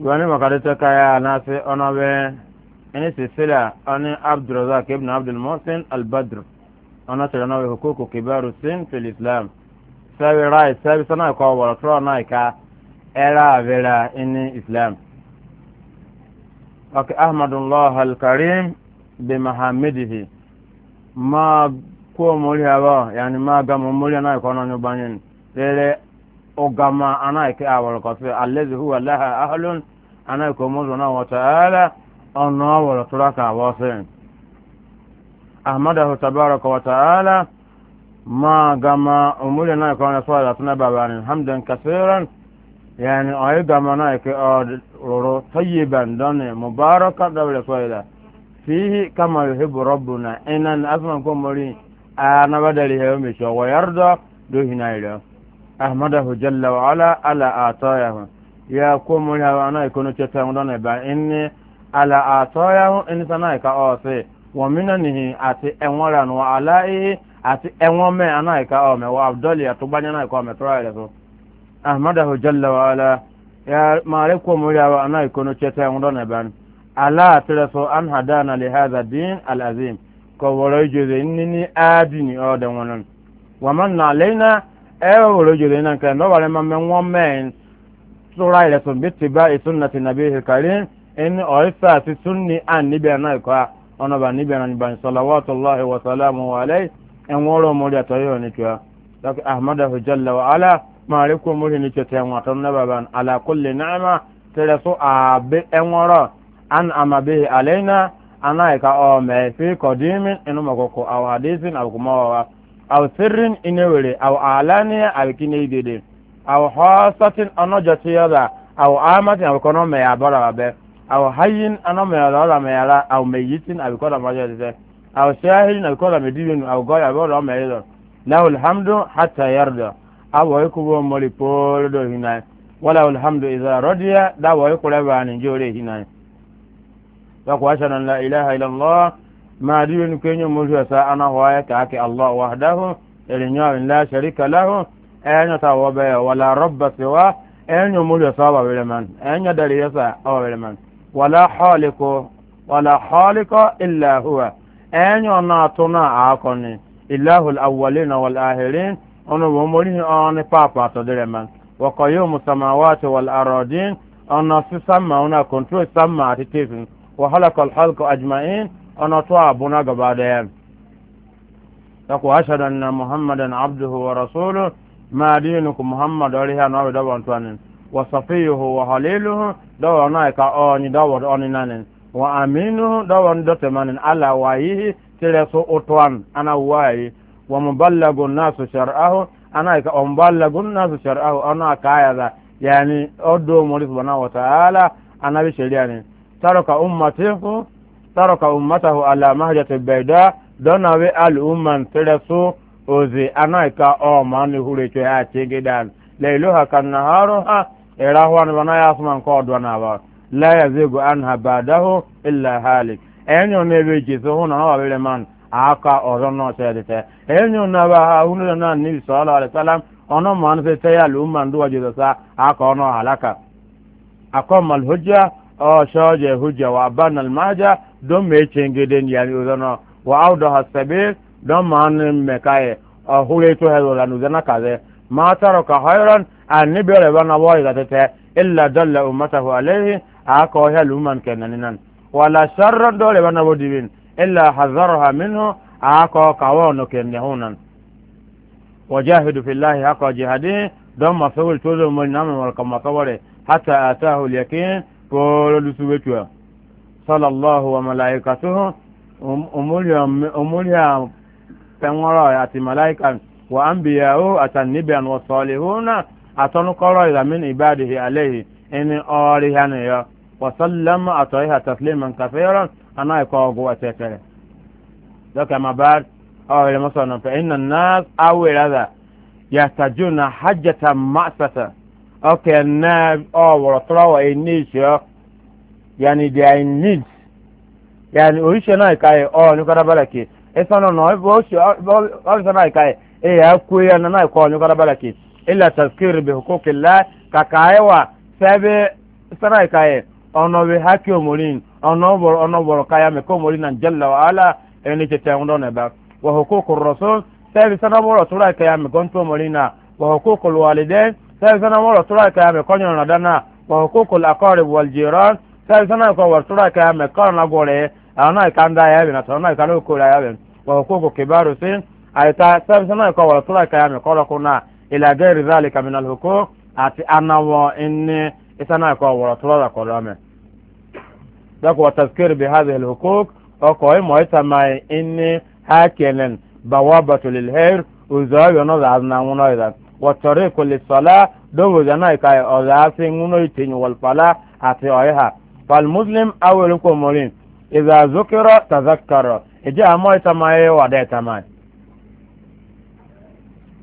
wani makarita kaya na se ona be ini sisila ani abdurazak ibn abdul muhsin al-badr ona tira na hukuku kibaru sin fil islam sabi rai sabi sana ko wala tro na ka era vera ini islam ok ahmadullah al-karim bi mahamidihi ma ko mori haba yani ma ga mo na ko na nyobanyen lele ogama ana ike awara kofi alezi huwa laha ahlun ana ike omozu na wataala ọna awara turaka awọsi ahmadahu tabaraka wataala ma gama umuri na ike ọna sọrọ tuna babanin hamdan kasiran yani ọyị gama na ike ọ tayyiban dọni mubaraka dabere sọrọ fihi kama yuhibu rabbuna inan asman kumuri a na badali hewa mishi wa yarda do hina ahmadahu jalla wa ala ala atayahu ya ko mo ya wa na ikono cheta ndo na ba inni ala atayahu inni sana ka o se wa minanihi ati enwara no ala e ati enwon me ana ka o me wa abdali atubanya na ka o me to ala so ahmadahu jalla wa ala ya mare ko mo ya wa na ikono cheta ndo na ba ala tira an hadana li hadha din al azim ko woro jeze inni ni adini o de wonon wa man alaina ewe wolo jole nan kan ndọba bare mamme won men sura ile sun bitti ba sunnati nabiyil karim en o isa ti sunni an ni be na ko ona ba ni be na ni ban salawatullahi wa salamu alayhi en woro mo da tayo ni kwa dak ahmadahu jalla wa ala maliku mo ni ce tan wa na baban ala kulli ni'ma tare so a be en woro an ama be alaina ana ka o me fi qadimin inu magoko aw hadisin aw kuma wa aw sirrin inewere aw alaniya aw kine dede aw hosatin anojo tiyoda aw amatin aw kono me abora babe aw hayyin ano me abora me ara aw meyitin aw kono majo dede aw shahirin aw kono me dibinu aw goya abora me yido lahul hamdu hatta yarda aw kubo moli polo do hinai wala alhamdu idha radiya da wa kulaba ni jore hinai wa qashana la ilaha Allah. ما دين كن يمجو سانا هواية كاكي الله وحده إلنيو لا شريك له أين توابي ولا رب سواه أين يمجو سابا بلمن أين يدري يسا أو بلمن ولا خالق ولا خالق إلا هو أين يناتنا عاقني إله الأولين والآخرين أنه بموليه آن بابا تدرمن وقيوم السماوات والأراضين أن سسمى هنا كنترول سمى تتفن وخلق الخلق أجمعين أنا طابنا قبادين تقو أشهد أن محمدا عبده ورسوله ما دينكم محمد عليها نوي دوان توانين وصفيه وخليله دوان نايكا أوني دوان أوني نانين وأمينه دوان دوتمانين على وايه تلسو أطوان أنا وايه ومبلغ الناس شرعه أنا إكا أمبلغ الناس شرعه أنا كايا ذا يعني أدو مولي سبحانه وتعالى أنا بشرياني ترك أمته taraka ummatahu ala mahjati baida dona we al umman teresu ozi anaika o mani hurecho ya chigidan leiluha kan naharuha irahwan wana yasman ko dona ba la yazigu anha badahu illa halik enyo ne be jiso hona wa bele man aka orono sedete enyo na ba ha hunu na ni sallallahu alaihi wasallam ono man se te al umman duwa jiso aka ono halaka akomal hujja o shoje hujja wa banal maja don me cengeden yani uzana wa awda hasabil don man mekaye a hure to hedo la nuzana kaze ma taraka khairan an nibere bana boy gatete illa dalla ummatahu alayhi ako helu man kenanan wala sharra dole bana bodibin illa hazarha minhu ako kawono kennehunan wajahidu fillahi haqa jihadihi don mafawul tozo mun namin wal kamakaware hatta atahu al ko lu subetuwa صلى الله وملائكته أموليا تنورا أتي ملائكة وأنبياء أتى النبيا والصالحون أتنقر إلى من عباده عليه إن أوريهن وسلم أتيها تسليما كثيرا أنا يقوغو أتيتر ذلك ما بعد أول مثلا فإن الناس أول هذا يحتاجون حجة مأسسة أوكي الناس أو ورطروا إنيش yani they are in need yani oríṣi náà ìka yẹ ọ ní kọ́dábàlà kì ẹ̀sán náà oríṣi náà ìka yẹ ẹ̀ yà kú yẹ náà ìkọ́ ọ ní kọ́dábàlà kì ilà tàskìrì bẹ̀ kó kìlá kàkà ẹ̀ wà sẹ́bi sẹ́nà ìka yẹ ọ̀nà wẹ̀ hákì òmòrin ọ̀nà ọ̀bọ̀rọ̀ ọ̀nà ọ̀bọ̀rọ̀ káyà mẹ́kọ́ òmòrin náà jẹ́lẹ̀ wàhálà ẹni tètè ń dọ́nà bá wà hókó kò rọ̀sọ́ sẹ́bi sẹ́nà ọ̀bọ̀rọ̀ tóra ìkẹyà mẹ́kọ́ tó òmòrin náà wà hókó kò lùwàlídẹ́ sẹ́bi sẹ́nà sai sana ko war tura ka me kar na gore ana ka nda ya bi na to na ka no ko ya bi wa ko ko kibaru sin ay ta sai sana ko war tura ka kuna kor ko na ila gairi zalika min al huquq ati anawo in isana ko war tura ko ra me dak wa tazkir bi hadhihi al huquq o ko mo ita mai in hakelen bawabatu lil na ngono ida wa tariqu sala do wo jana ka o da sin ati o ha فالمسلم أول كمولين إذا ذكر تذكر إجاء ما يتمعي ودا يتمعي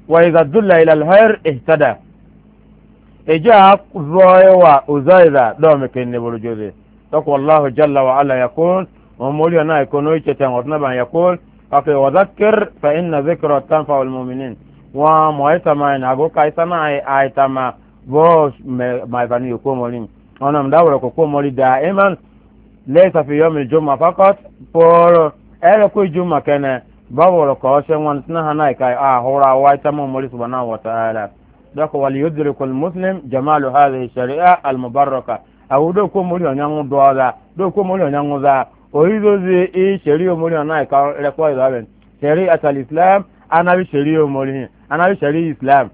وإذا دل إلى الخير اهتدى إجاء ذوي وأزايدا دومك النبول جوزي تقوى الله جل وعلا يقول ومولي أنا يكون ويشتن وطنبا يقول أقول وذكر فإن ذكر تنفع المؤمنين وما يتمعي نعقوك يتمعي آيتما بوش ما يفعلني يكون مولين ọ̀nà ìdáwọ̀rọ̀ kò kó mọ́rí da iman lẹ́yìn sàfihàn mi jùmọ̀ fakọ́t pọ̀ọ́rọ̀ ẹ̀rọ kó jùmọ̀ kẹ́nẹ̀ báwọ̀rọ̀ kọ́ ṣe wọn tí náà náà ìka àhóra wa ẹ̀ tẹ́mọ̀ mọ́rí sùgbọ́n náà wọ̀ tààrà dọ́kọ̀ wàlí yóò dìrì kò muslim jamalu hàlẹ̀ ìṣẹ̀rí àlùmọ̀bárọ̀kà àwùdó kó mọ́rí ọ̀nyá ń dọ́ọ̀dà dó kó mọ́rí ọ̀nyá ń zá orí tó ṣe ìṣẹ̀rí omori ọ̀nà ìka rẹ̀kọ́ islam anábì ṣẹ̀rí omori anábì ṣẹ̀rí islam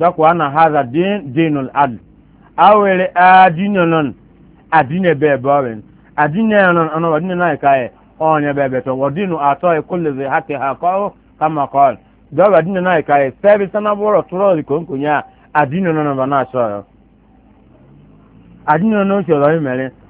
dọ́kọ̀ wà náà hàzà dín dínul adl awere adinyo non adinye be bowen adinye nọ ono wadinye na ikaye onye be beto wadinu ato e ha zi ha kọrọ kama qal do wadinye na ikaye sebi sana boro turo di konkunya adinyo non ba na so adinyo non so lo mere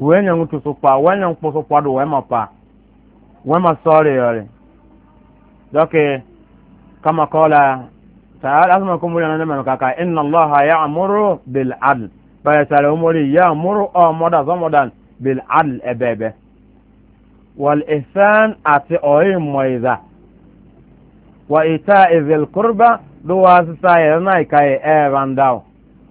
wenya ngutu sopa wenya nkposo kwado wema pa wema sore yore doke kama kola taala asma kumuri na nema kaka inna allaha ya'muru bil adl baya sala umuri ya'muru o moda zomodan bil adl ebebe wal ihsan ati oyi moiza wa ita'i dhil qurba duwa sa yana kai e bandaw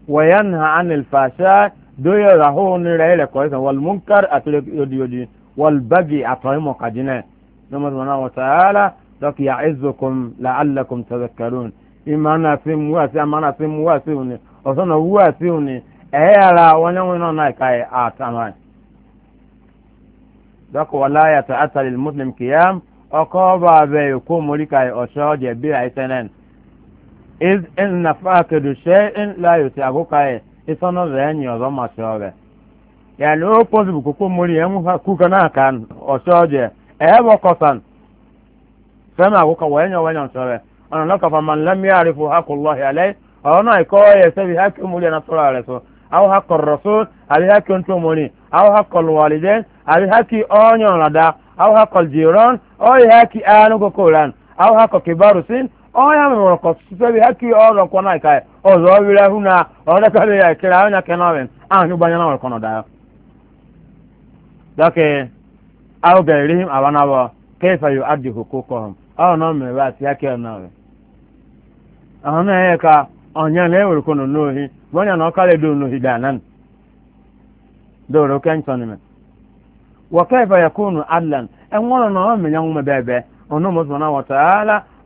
wa yanha anil fashai doyo raho ni rai le ko san wal munkar atle yodi yodi wal bagi atoy mo kadina no mo na wa taala dak ya'izukum la'allakum tadhakkarun imana sim wa si amana sim wa si uni o so no wa si uni e ara wona wona na kai atama dak wala ya ta'ata lil muslim qiyam aqaba be ko mori kai o so je bi aitenen iz in nafaqidu shay'in la yutagu kai ịsọnọ zee enyi ọzọ masị ọrịa ya na o pọsibụ koko mori enwu e ha kuka na aka ọsị ọjọọ ebe ọkọsan sẹ́mi àkókò wẹ̀nyọ̀ wẹ̀nyọ̀ sọ̀rẹ̀ ọ̀nà lọ́kàfà màn lẹ́mí àrífò hakùlọ́hì alẹ́ ọ̀rọ̀ náà ìkọ́ ẹ̀ sẹ́bi hákì mori ẹ̀ nàtọ́rọ̀ rẹ̀ sọ àwọn hakọ̀rọ̀ sọ àbí hákì ọ̀ntọ́ mori àwọn hakọ̀lù wàlìdẹ́ àbí hákì ọ̀nyọ̀ ràdà àwọn hakọ̀lù jìrọ̀n ọ̀yẹ̀ hákì àánú kòkòrán àwọn hakọ̀ kìbárùsìn ọya mụrụ kọsịsọbi ha kiri ọzọ nkwọ na ịka ọzọ ọbịrị ahụ na ọdọkọrị ya ekele ahụ nya kena ọrịa ahụ n'ụgbanya na ọrụ kọnọ ya. dọkị ahụ ga-eri him abanabọ kefa yu adị hoko kọhụm ọ nọ mmemme asị ya kee na ahụ na ya ka ọnya na ewere kọnọ n'ohi bọnya na ọ ọkara edo n'ohi daa nan dọrọ kentọn mee wọ kefa ya kunu enwe ọrụ na ọ mmenya nwụme bebe ọnụ mụsụmana wọtara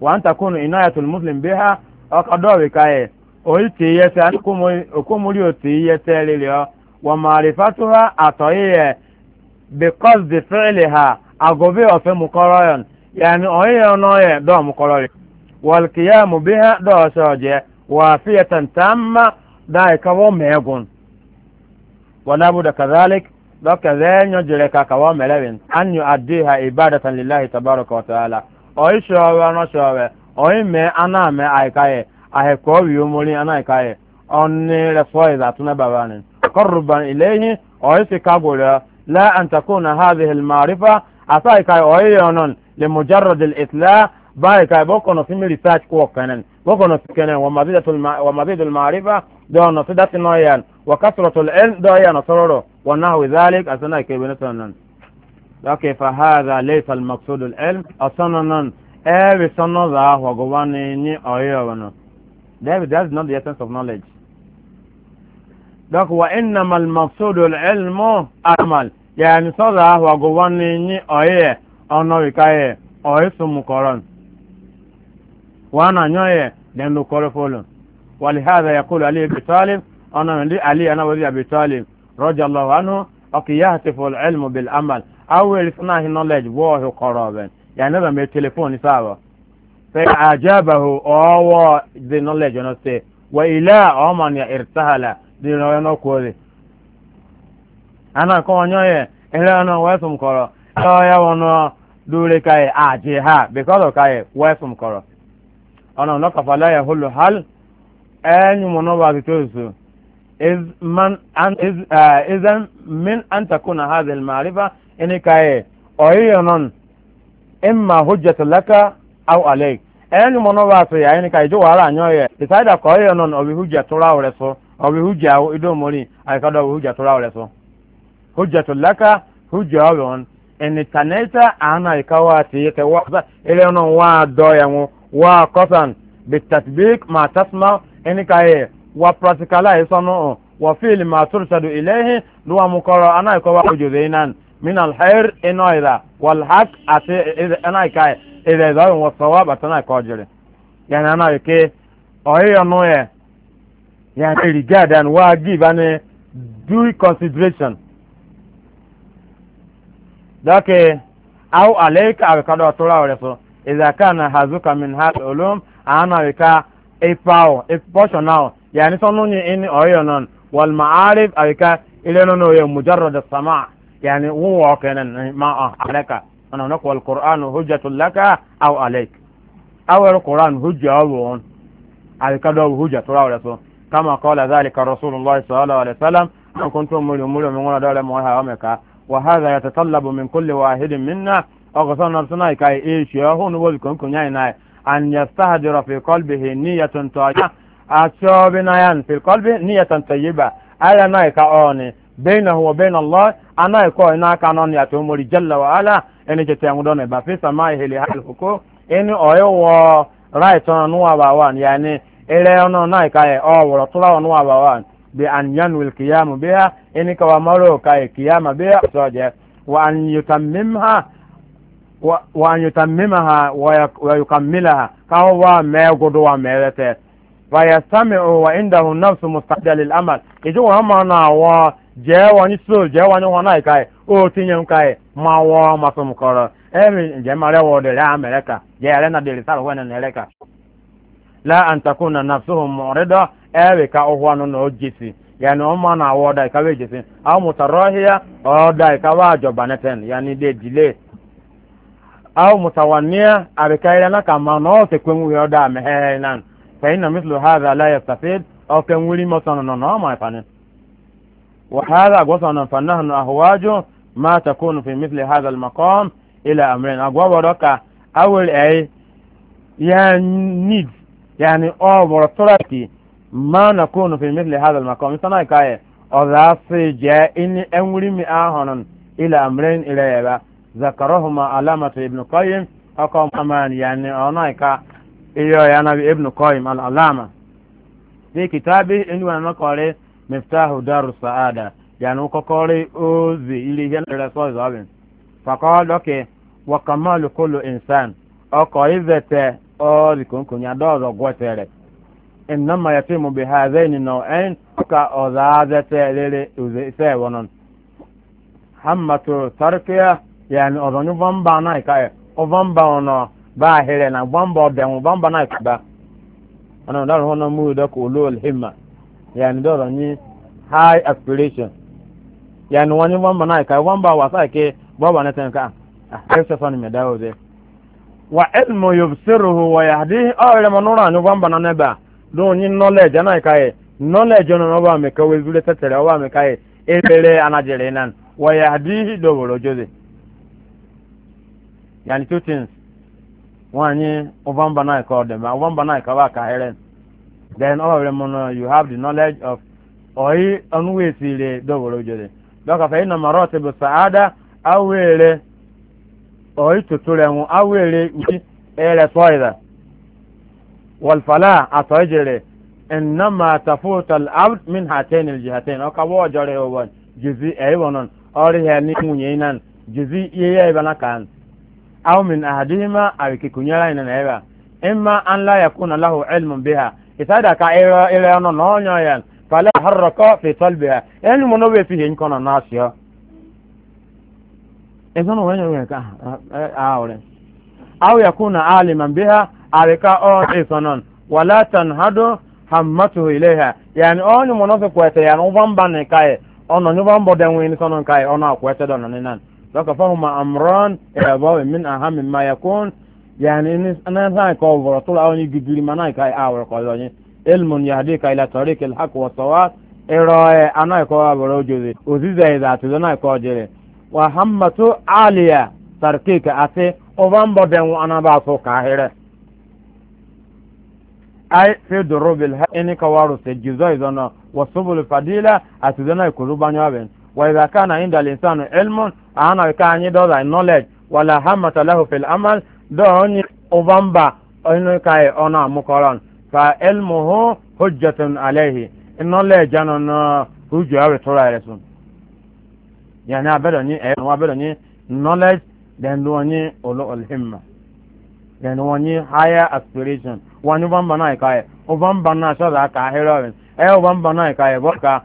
wa an takunu inayatul muslim biha ọkọdọọbi kaye oyi ti yẹsẹ okomori o ti yẹsẹ lele ọ wa maarifatuha atọyi yẹ because the fẹẹli ha agobe ọfẹ mukọrọ yọn yaani ọyi yẹ ọnọ yẹ dọọ mukọrọ yẹ wọlkiyamu biha dọọ sọọjẹ waafiyatan taama daa ikawọ mẹẹgun walabuda kadhalik dọkẹ zẹẹ nyọ jẹrẹ ka kawọ mẹlẹbin an yu adiha ibadatan lillahi tabaraka wa oyi shobe ono shobe oyi me ana me aikaye ahe ko bi umuri ana aikaye onni refoi za tuna babani qarruban ilayhi oyi sikagura la an takuna hadhihi asa asai kai oyi yonon لمجرد الإطلاع باي كاي بوكو نو سيمي ريسيرش كو كانن بوكو نو كانن ومزيدة الم... ومزيد المعرفة دو نو سيدات نويان وكثرة العلم دو يا نصرورو ونحو ذلك أسنا كيبنتنا لكن فهذا ليس المقصود العلم أصنعنا every صنع ذا وقواني ني أيوانا David that's not the essence of knowledge لك وإنما المقصود العلم عمل يعني صنع وقواني ني أيه أنا وكايه أيه سمكران وأنا نيه لأنه كرفولون ولهذا يقول علي بن طالب أنا من علي أنا وزي أبي طالب رضي الله عنه أكي يهتف العلم بالعمل awel sana hi knowledge wo hi koroben ya ne ba me telephone sawa fa ajabahu awa the knowledge no say wa ila oman e ya irtahala di no no ko de ana ko onyo ye ele no wa sum koro so ya wono dure kai aje ha because of kai wa sum koro ona no ka fala ya hulu hal ba to so is man an is uh, is min an takuna hadhihi al-ma'rifa ini kaye oyiyo non hujjatulaka hujjatu laka aw alayk ẹni mọ náà bá so yà ẹni kaye jo wàhálà ànyọ yẹ ìsáyidà kọ oyiyo non ọbi hujja tóra rẹ so ọbi hujja idó mọrin àyíkádọ ọbi hujja tóra rẹ so hujjatu laka hujja ọbi wọn ẹni tànẹta àánà ìkáwá ti yẹ kẹ wá ilé ọ̀nà wà dọ̀yẹ̀ kọ́sàn bitatbik ma min alhair ino ida wal haq ati ana kai ida ida wa sawab atana ko jere yana na yake oyo no ye ya regard and wa give an due consideration dake au alayka abikado atola wale so idha kana hazuka min hal ulum ana wika a power a portion now yani sonu ni in oyo non wal ma'arif abika ile no no ye mujarrad as-sama' يعني هو كان ما عليك أنا نقول القرآن هجة لك أو عليك أو القرآن هجة أو على دو هجة ترى رسول كما قال ذلك رسول الله صلى الله عليه وسلم أن كنتم مولي مولي من قول دولة موها أمك وهذا يتطلب من كل واحد منا أغسان نفسنا كي إيش يهون وذكم كنينا يعني أن يستهدر في قلبه نية طيبة أتشوبنا في القلب نية طيبة ألا نايك أوني بينه وبين الله أنا يكون هناك أنون يأتيه مولي جل وعلا إني جتيمدون بفي سمائه لهذا الحقوق إني أيوة رايتون نوابوان يعني إلى أنه نايكاي أو ورطلا نوابوان بأن ينوي القيام بها إني كوامرو كاي قيام بها سوجة وأن يتممها و... وأن يتممها ويك... ويكملها كهو ما قدوة ميرته فيستمع وعنده النفس مستعدة للأمل يجوا هم أنا و... jee wanye sol jee wanye nwa na ka o tinye m ka ma wụọ masị m kọrọ emi njem mara wa ọdịrị ha mere ka jeere na dịrị sara wena na-ere ka la antakun na nafsuhu mọrịdọ ewe ka ụhụ anụ na ojisi ya na ọma na awọ ọda ikawa ejisi a mụtara ọhịa ọda ikawa ajọbaneten ya na ide dile a mụtawania abikaira na ka ma na ọ sekwenwughị ọda ameghere nan fa ina mislu hadha la yastafid ọkenwuri mọsọ nọ na ọ ma وهذا أقوصنا فنه أهواج ما تكون في مثل هذا المقام إلى أمرين أقوى ورقة أول أي يعني نيد يعني أو تركي ما نكون في مثل هذا المقام إنسانا كاية أذاسي جاء إني أمري مآهن إلى أمرين إلى يبا ذكرهما علامة ابن قيم أقام أمان يعني أنا إيو يا نبي ابن قيم العلامة في كتابه إنه أنا قريت miftahu daru sa'ada yani kokore ozi ili hiya na rasul zabin fakol oke wa kamalu kullu insan oko izete ori kunkun ya dozo gwetere innama yatimu bi hadhaini naw'ain ka ozazete lele uze ise wonon hammatu tarkiya yani ozonyu vamba na ikaye ovamba ono ba hele na vamba odenwu vamba na ikaba ana ndaru hono mu doko ulul himma yani dɔrɔ nyi high aspiration yani wani wọn bana ka wọn ba wasa ke bɔ tɛn ka ɛf sɛ fani mɛ dawo de wa ilmu yubsiruhu wa yahdi aw oh, yɛrɛ ma wọn bana ne ba don nyi knowledge ana ka ye knowledge nɔ ba mi ka wezule tɛtɛrɛ mi ka ye ebere anajere nan wa yani two things wọn wọn bana ka wọn bana ka ba ka hɛrɛ. then ọba wẹrẹ mu you have the knowledge of ọyí ọnuwa esiri dọwọrọ jẹrẹ dọkà fẹyìn nàmà rọọtì bù sàádà awéèrè ọyí tutù rẹ mu awéèrè wí ẹrẹ sọyìdà wọlfàlà àtọyìjẹrẹ ẹnàmà tàfóòtàl abd min hàtẹ́n ìjìhàtẹ́n ọkà wọ́ọ̀ jọrẹ ọwọ́ jìzí ẹ̀yí e wọn nọ ọrẹ hẹ ní nwunye nan jìzí yẹyẹ ìbànà kàn aw min ahadihima àwìkìkùnyẹ́rẹ́ ìnana ẹ̀yà imma an la yakuna lahu ilmun biha isaida ka ire ọnụ na ọnya ya fala harrọkọ fetọlbe ha enyi mụ n'obe efighị nkọ nọ n'asịọ ezọnụ wee nyere ka ahụrụ aw yakuna aliman biha arika ọ ịsọnọn wala tanhado hammatuhu ileha yani onye mụ n'ofe kwete ya n'ụgbọ mba na kaị ọnọ n'ụgbọ mba denwe n'ịsọnọ kaị ọnụ akwete dọ nọ n'inan dọka fahuma amron ebe min ahamin ma yakun yani ni anan sa ko voro to lawni gidiri mana ka awor ko yoni ilmun yahdika ila tariq alhaq wa sawa iroe e, anan ko voro jozi oziza iza to na ko jere wa hammatu aliya tarkika ate ovan boden ana ba so ka here ay fi durubil ha ini ka waru se jizoi zono wa subul fadila atizana ko rubanyo aben wa idha kana inda al insanu ilmun ana ka anyi doza knowledge wala hammata lahu fil amal dɔɔ ni uvamba ɔyinu kai ɔna amukɔrɔn ka elmuhu hujjatun alayhi inu lɛ jano no hujju e sun e, ni knowledge then wɔn ni olu then wɔn ni higher aspiration wɔn ni uvamba naa kai uvamba naa sɔrɔ a kaa hɛrɛ ɔrin ɛyɛ uvamba naa kai ka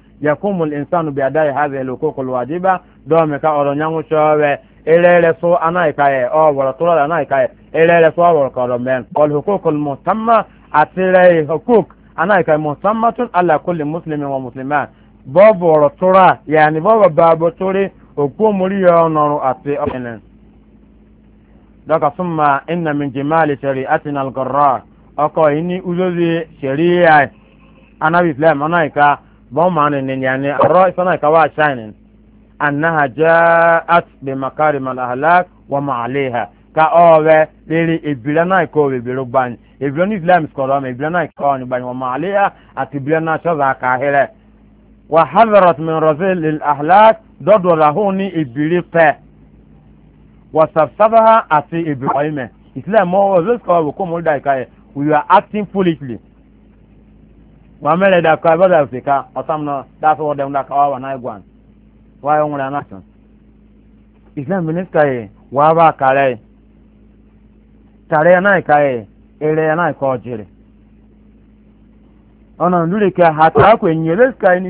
yakumu insanu bi adai hadhihi alhuququl wajiba do me ka oro nyangu chowe elele so anai kae o wala tola anai kae elele so wala ka oro men wal huququl mutamma atire hukuk anai kae mutammatun ala kulli muslimin wa muslimat bobo oro tola yani bobo babo tori oku muri yo noru ati openen daga summa inna min jimali shari'atina al-garrar oko ini uzozi sharia anabi islam anai ka بمعنى ان يعني الرأي سنة كوا شاين انها جاءت بمكارم الاهلاك وما عليها ka ọrẹ rere ìbílẹ̀ náà kó ìbílẹ̀ gbà ní ìbílẹ̀ ní islam kọ̀ọ̀rọ̀ mi ìbílẹ̀ náà kọ́ ní gbàyìn ọmọ àléyà àti ìbílẹ̀ náà ṣọ́ọ̀bù àkàhẹ́rẹ́ wà hazarat min rọ̀ṣẹ́ lil ahlak dọ́dọ̀ rahun ní ìbílẹ̀ pẹ́ wà sàbsàbà àti ìbílẹ̀ ọ̀yìnmẹ̀ islam mọ́ mọ́ dà wa mere da ka ba da fi ka otam no da so wadam da ka wa na igwan wa yo ngura na tun islam minister ye wa ba kare tare na ka ere na ka ojire ona ndure ka hata ko enyi sky ni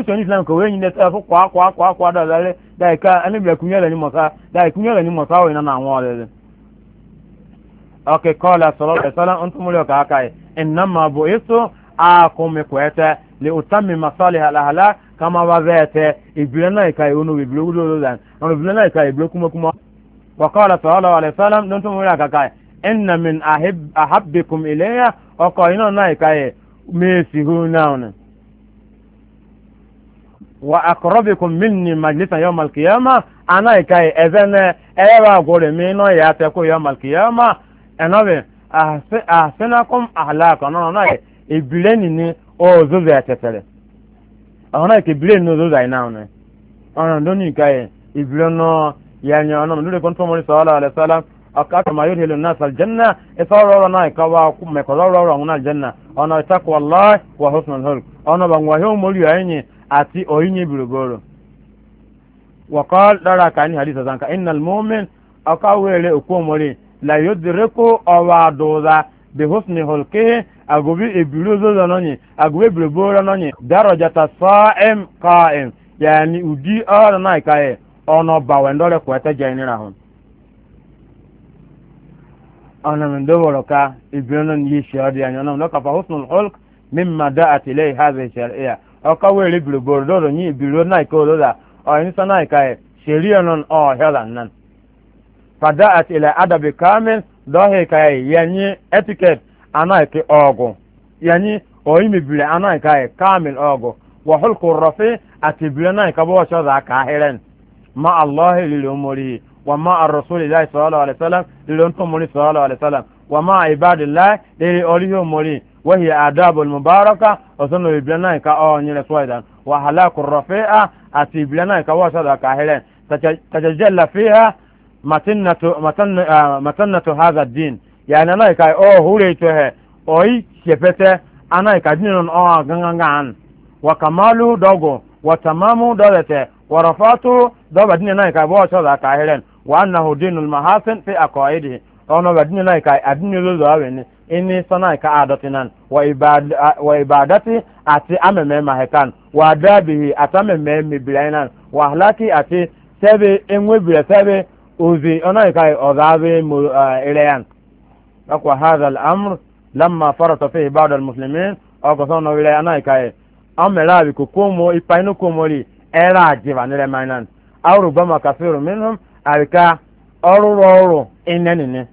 islam islam ko ni fo kwa kwa kwa kwa da da ka ani ni da ni o ina na anwa ole okay kola sallallahu alaihi wasallam ka akome kwete le utami masali halahala kama wavete ibile na ikai unu ibile ulo lan ono ibile na ikai ibile kuma kuma wa qala sallallahu alaihi wasallam don to mura kakai inna min ahib ahabbikum ilayya o ko na ikai mesi huna ona wa aqrabukum minni majlisa yawm al ana ikai ezene ewa gore mi no ya te ko yawm al-qiyamah enobe ahsanakum no no na ikai ebireni ni o zozo ya tefere ahona ke ebireni no zozo ina ono ono ndo ni ka ye ebireno ya nya ono ndo le kontu mo sallallahu alaihi wasallam akaka ma yurilu nas aljanna isoro ro na ka wa ku me ko ro ro na aljanna ono takwa allah wa husnul hulk ono bangwa he mo ri ayin ati oyin birogoro wa qala dara ka ni hadisa zanka akawele okomori la yudriku awaduza bi husni hulkihi agobi ebiru ozozo nonye agobi ebiru boro nonye darajata sa'im qa'im yani udi ọrụ na ikaye ọnọ bawe ndọrọ kwete je ni rahun ọnọ mi ndọrọ ka ebiru non yi shi ọdị anya ọnọ ndọka fa husnul hulk mimma da'at ilay hadhihi shar'iyya ọka were ebiru boro dọrọ nyi ebiru na ikaye ozozo ọyìn sọ na ikaye shari'a non ọhịa nan fada'at ila adabi kamil dọhịa ikaye yanyi etiquette anaike ogu yani oimibire anaikaye kamil ogu wahulku rafi atibire naika booshoda kahiren ma allahi lilumurihi وما الرسول الله صلى الله عليه وسلم للأنتم مولي صلى الله عليه وسلم وما عباد الله للأوليه مولي وهي آداب المباركة وسنة بلنا كا أو نيل سويدا وحلاك الرفيعة أتي بلنا كا وشدا كاهلين تتجلى فيها متنة متنة, متنة هذا الدين yani anai kai o oh, hure to he oi chepete anai ka dinon o oh, gangangan wa kamalu dogo wa tamamu dalate wa rafatu do badine nai kai bo so da ka heren wa annahu dinul mahasin fi aqaidihi ono badine nai kai adine lo zawe ni ini sanai ka adatinan wa ibad wa ibadati ati ameme mahekan wa dabihi atameme mibilainan wa ahlaki ati sebe enwe bile sebe ozi onai kai ozabe eh, mo أقوى هذا الأمر لما فرط فيه بعض المسلمين أو قصونا ولا أنا كاي أم لا بكوكومو إباينو كومولي إلا جيبا نلا ماينان أو ربما كثير منهم أبكا أورو أورو إنني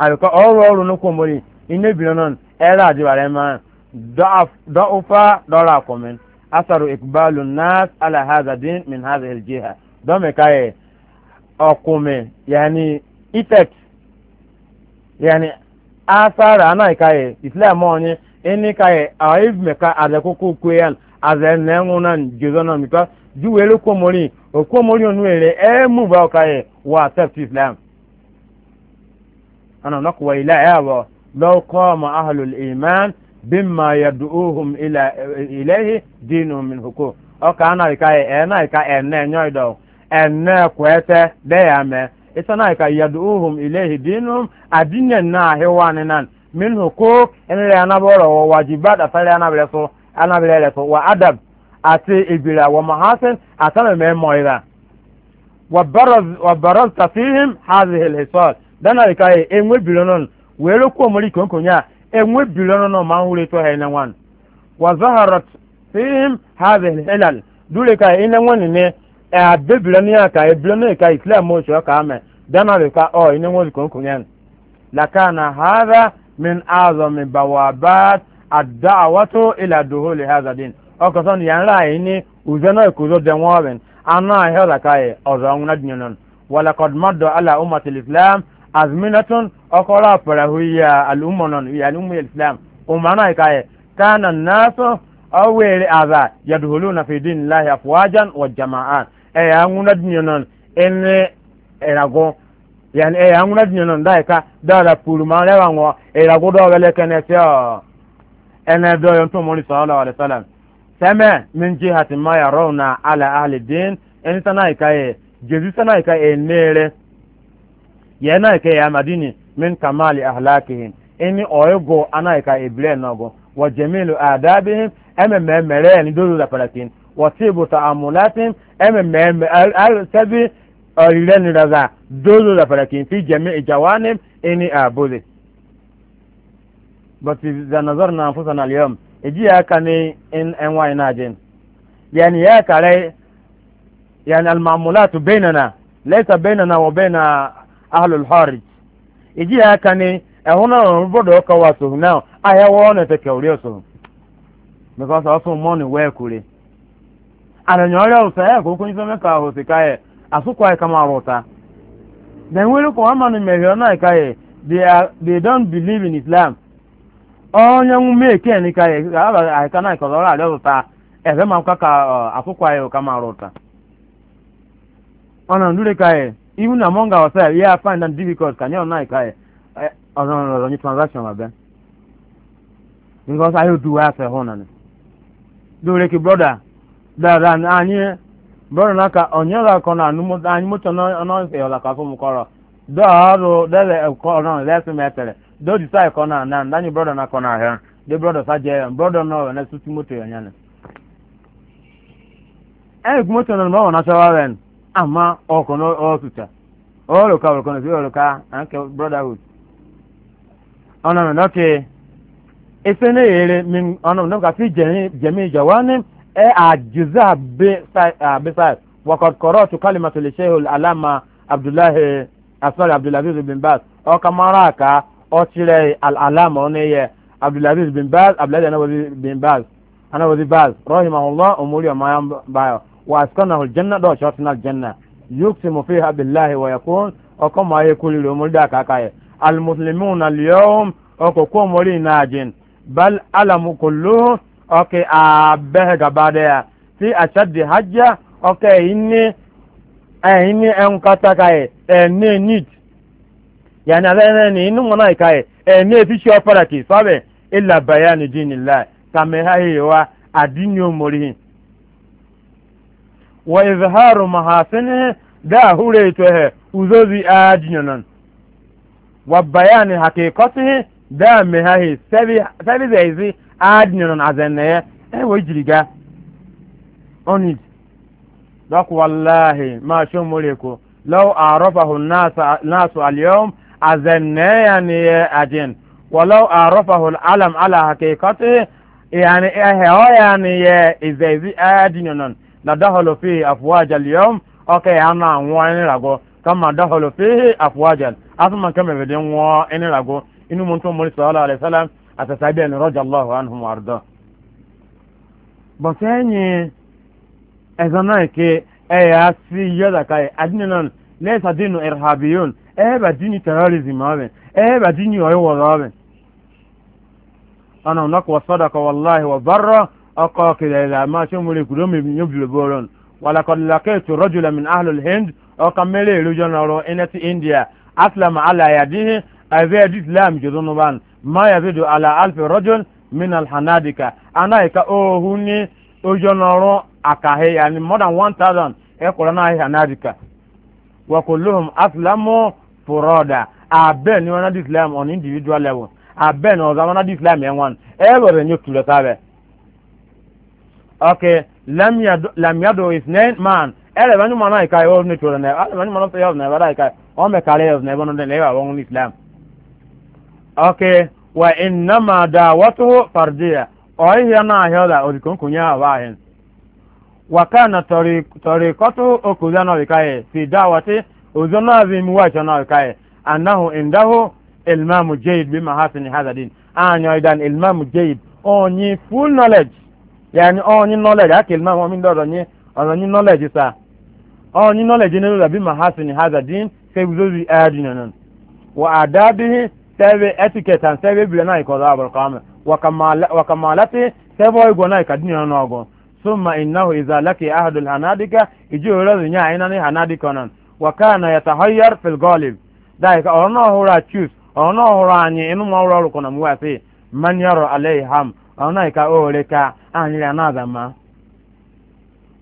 أبكا أورو أورو نكومولي إني بلونان إلا جيبا لما ضعف ضعف دولار كومين أثر إقبال الناس على هذا الدين من هذه الجهة دومي كاي أقومي يعني إفكت yani asara anaghị ka islam onye ịnị ka ivme ka azakoko okwe ya aza na enwu na jezona mika juwere kwomori okwomori onwere emu ba ka wa accept islam ana nakuwa ila ya ba law qama ahlul iman bimma yad'uhum ila ilayhi dinuhum min hukum ọka anaghị ka ana-ikaye e ka ẹ e na-enyo ịdọ ẹ e na-ekwete dị ya mee isana ka yad'uhum ilayhi dinum adinan na hewani nan min hukuk enre anaboro wa wajibat atare anabere so anabere re so wa adab ati ibira wa mahasin atana me moira wa baraz wa baraz tafihim hadhihi alhisal dana ka enwe bilonon were ko mori konkonya enwe bilonon ma nwure to hene wan wa zaharat fihim hadhihi alhilal dule ka ina wani ne adebire ni aka ebire ni ka islam mo sọ ka mẹ dana le ka ọ ini wọn kò nkùn yẹn laka na hada min azọ min bawabat adawato ila doho le haza din ọkọ sọ ni yàrá yìí ni ùzẹ náà kúzọ dẹ wọn bẹ aná ahẹ laka yẹ ọzọ ọhún náà dìnyẹn nọn wàlẹ kọdùmọdọ ala umat islam azminatun ọkọlá pẹrẹhu yà alùmọ nọn yà alùmọ islam ọmọ náà ka yẹ kánà nàásọ ọwẹrẹ àzà yàdùhùlù nàfẹdìn láhìá fúwájà wà jàmáà. ɛyɛ aŋuna dunya ɛnɛ ɛrago yani ɛyɛ aŋuna dunya nɔn daa ka daara puuru maa lɛ wa ŋɔ ɛrago dɔw bɛ lɛ kɛnɛ fɛ ɔ ɛnɛ dɔw yɛn tó la wale sɛlɛm sɛmɛ min ji hati ma ya na ala ahli den ɛni sana yi ka jesu yi ka neere yɛn na yi ka amadini min ahlakihin ɛni ɔyɛ go ana yi ka bilɛ nɔgɔ wa wasibu ta'amulatin mmmm alsabi ọ̀rìrẹ́ni raza dozo da farakin fi jami ijawanim ini abuzi bati da nazar na fusan aliyom iji ya ka ne in en wani na jin yani ya kare yani almamulatu bainana laisa bainana wa baina ahlul harij iji ya ka ne ehuna rubodo ka wasu na ayawo ne ta kauriyo so because also money where kure ananyonya usaya eh, kuku nisome ka hosi kaye asuko ay kama rota then we look one man mehona kaye they are they don't believe in islam onye ngume ke ni kaye aba ay kana ko lora le rota ebe ma kaka uh, asuko ay kama rota ona ndule kaye even among ourselves yeah find and difficult kanyo na kaye ona eh, no no transaction do afa honani do like brother dara na anyị bụrụ na ka onye la kọ na anyị moto na n'ọnọ nke ọla ka fụm kọrọ dọ ọrụ dele kọ nọ lesi metere dọ disa kọ na na anyị bụrụ na akọ na ahịa dị bụrụ sa je bụrụ na ọ na sutu moto ya nyane ẹnì kí moto nọ n'ọwọ n'asọwa wẹn ama ọkọ n'ọtụtụ ọrụ ka ọrụ n'ezi ọrụ ka nke brotherhood ọnọdụ ndọkị ese na-ere ọnọdụ ndọkị jemi jawani e ajiza beside wakad korotu kalimatu li shehu alama abdullahi asmari ah, abdulaziz bin baz ọka mara aka ọchịrị alama onye abdulaziz bin baz abdulaziz anabazi bin baz anabazi baz rahimahullah umuri ọmaya bayo wa askanahu aljanna do shotina aljanna yuksimu fiha billahi wa yakun ọkọ ma ye kuliri umuri da aka aka ye almuslimuna liyawm ọkọ ko mori najin bal alamu kulluhum oke a behe gaba daya ti a shaddi hajja okay inni ẹ̀yìnní ẹ̀hún kátàkà ẹ̀ ẹ̀ní need yàní alẹ́ ní inú wọn náà ká ẹ̀ ẹ̀ní efisẹ́ ọ̀pọ̀lọpọ̀ sọ́bẹ̀ ilà bàyà nìjí nìlá kàmẹ́háyè wa àdínní òmòrì. wọ ìzàhárò màhásínì dáa húrò ètò ẹ̀ ùzọ́zi àádìyànnà wọ bàyà ní hàkẹ́kọ́sí dáa mẹ́háyè sẹ́bí zẹ̀ẹ́sì adịnyere na azan na ya enwe jiri ga onid dok wallahi ma shi mure ko law arafahu nasu al-yawm ya na ya ne ya ajin walau arafahu al-alam ala haqiqati yani eheo ya na ya izaizi adịnyere na la dakhalu fi afwaj al-yawm okay ana anwa ni rago kama dakhalu fi afwaj asuma kama bidin wa ni rago inu mun to mun sallallahu alaihi wasallam atasabi ẹni rọjà allah anhum ardọ bọ̀sẹ̀ ẹ̀yìn ẹ̀sán náà ké ẹ̀yà sí yọ̀dàkà yẹ adínì náà lẹ́sà dínú irhabiyun ẹ̀ẹ́bà dínì terrorism ọ̀bẹ̀ ẹ̀ẹ́bà dínì ọ̀yọ̀wọ̀rọ̀ ọ̀bẹ̀ ọ̀nà ọ̀nàkọ̀ wọ sọ́dọ̀kọ̀ wàláhi wọ bọ́rọ̀ ọkọ̀ kìlẹ̀ ilẹ̀ àmà ṣé mo kúrò mi yóò bìlẹ̀ bọ́rọ̀ wàlàkọ̀lẹ̀kẹ̀ tó rọ́jùlẹ̀ min ahlul hind ọkọ̀ mẹ́lẹ̀ èròjọ́ náà rọ ẹnẹ́tì ma yazidu ala alfi rajul min alhanadika ana ka ohu ni ojonoru akahe yani more than 1000 e kora na hanadika wa kulluhum aslamu furoda abe ni wana di islam on individual level abe na oza wana di islam en wan e bere ni tulo sabe okay lam yadu lam yadu isnan man ele banu mana ka yo ni tulo na ele banu mana pe yo na ba ka o me kare yo na banu de le wa won islam oke wa innama dawatuhu fardiya oyihiya na ahioda odikonkonye abahin wa kana tariqatu okuza na bikaye fi dawati uzo na bi muwacha na bikaye annahu indahu ilmamu jayyid bi mahasini hadha din anyo idan ilmamu jayyid onyi full knowledge yani onyi knowledge ake ma mo min doro ni knowledge sa onyi knowledge ne bi mahasini hadha din fe uzo bi adinanan wa adabihi sɛbe etiquette an sɛbe bile na ikɔdɔ abul qiyama wa kamalati sɛbe oyi gɔ na ika dunya na ɔgɔ summa innahu iza laki ahadu hanadika iji ora dunya ina ni hanadika nan wa kana yatahayyar fil ghalib da ika ɔrɔnɔ hura choose ɔrɔnɔ hura anyi inu ma wura rukuna mu wase man yaro alayhi ham ɔrɔnɔ ika ore ka anyi ya na zama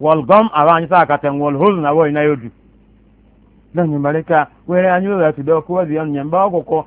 wal gom aba anyi sa akaten wal huzn abo ina yodu dan nyimbalika were anyi wo ya tudɔ ko wa biyan nyamba ko ko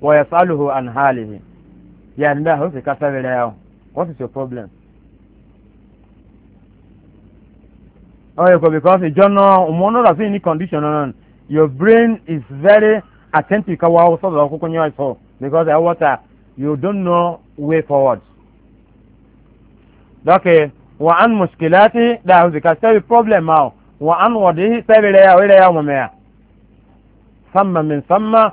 wa yasaluhu an halihi yani da hosi ka sabe da yawo what is your problem oh ko because e jono umono da sin ni condition on your brain is very attentive ka wa so da ko because i water you don't know way forward dake wa an muskilati da hosi ka sabe problem ma wa an wadi sabe da yawo da yawo mamaya samma min samma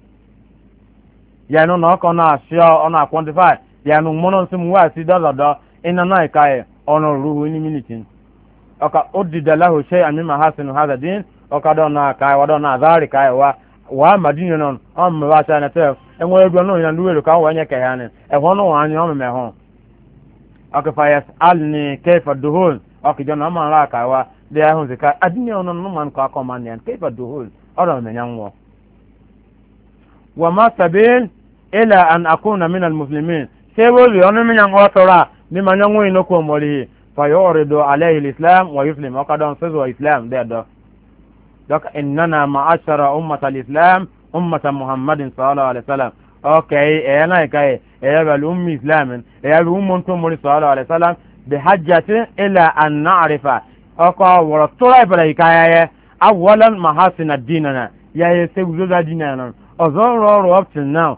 yanu na ọkọ na asịọ ọ na quantify yanu mmanụ nsị m wee asị dọdọdọ ịna na ịka ya ọnụ ruhu ni miniti ọka odidala ho shay amin ma hasin hada ka ọka dọ na aka wa dọ na azari ka ya wa wa madina non ọ e na tef enwe egwu ọnụ ya ndị were ka ọ wee nye ka ya ni ẹhọ ọ mmemme hụ ọka fa yas duhol ọka jọ na ọma nra wa zika adịnye ọnụ nnụmanụ ka akọ ma nịa kefa duhol ọ dọ mmenya ila an akuna min almuslimin sebozi ono min yang otora mi man yang wino ko mori fa yuridu alayhi alislam wa yuslim wa kadon sezo islam de do dok innana ma'ashara ummat alislam ummat muhammadin sallallahu alaihi wasallam okay e na kai e ba ummi islam e ba ummun to mori sallallahu alaihi wasallam bi hajjati ila an na'rifa oko woro tora ibara ikaye awalan mahasina dinana ya ye sebuzo da dinana ọzọ rọrọ up till now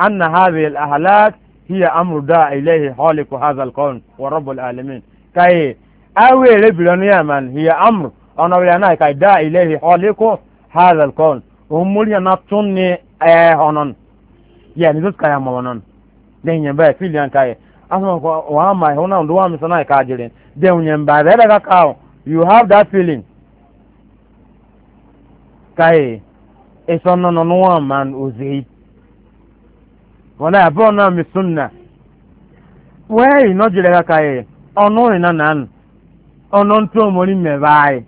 أن هذه الأهلاك هي أمر دا إليه خالق هذا الكون ورب العالمين كاي أوي يا من هي أمر أنا ويانا كاي دا إليه خالق هذا الكون ومولي نطني أهونن يعني ذات كاي مولنن دين يبقى فيليان كاي أنا وأما هنا ندوا مسنا كاجرين دين يبقى ذلك كاو you have that feeling كاي إسمنا نوام من أزيد wala abụọ na mi sunna wee nọjire ha ka ye ọnụ rina na anụ ọnụ ntụ omori mmebe anyị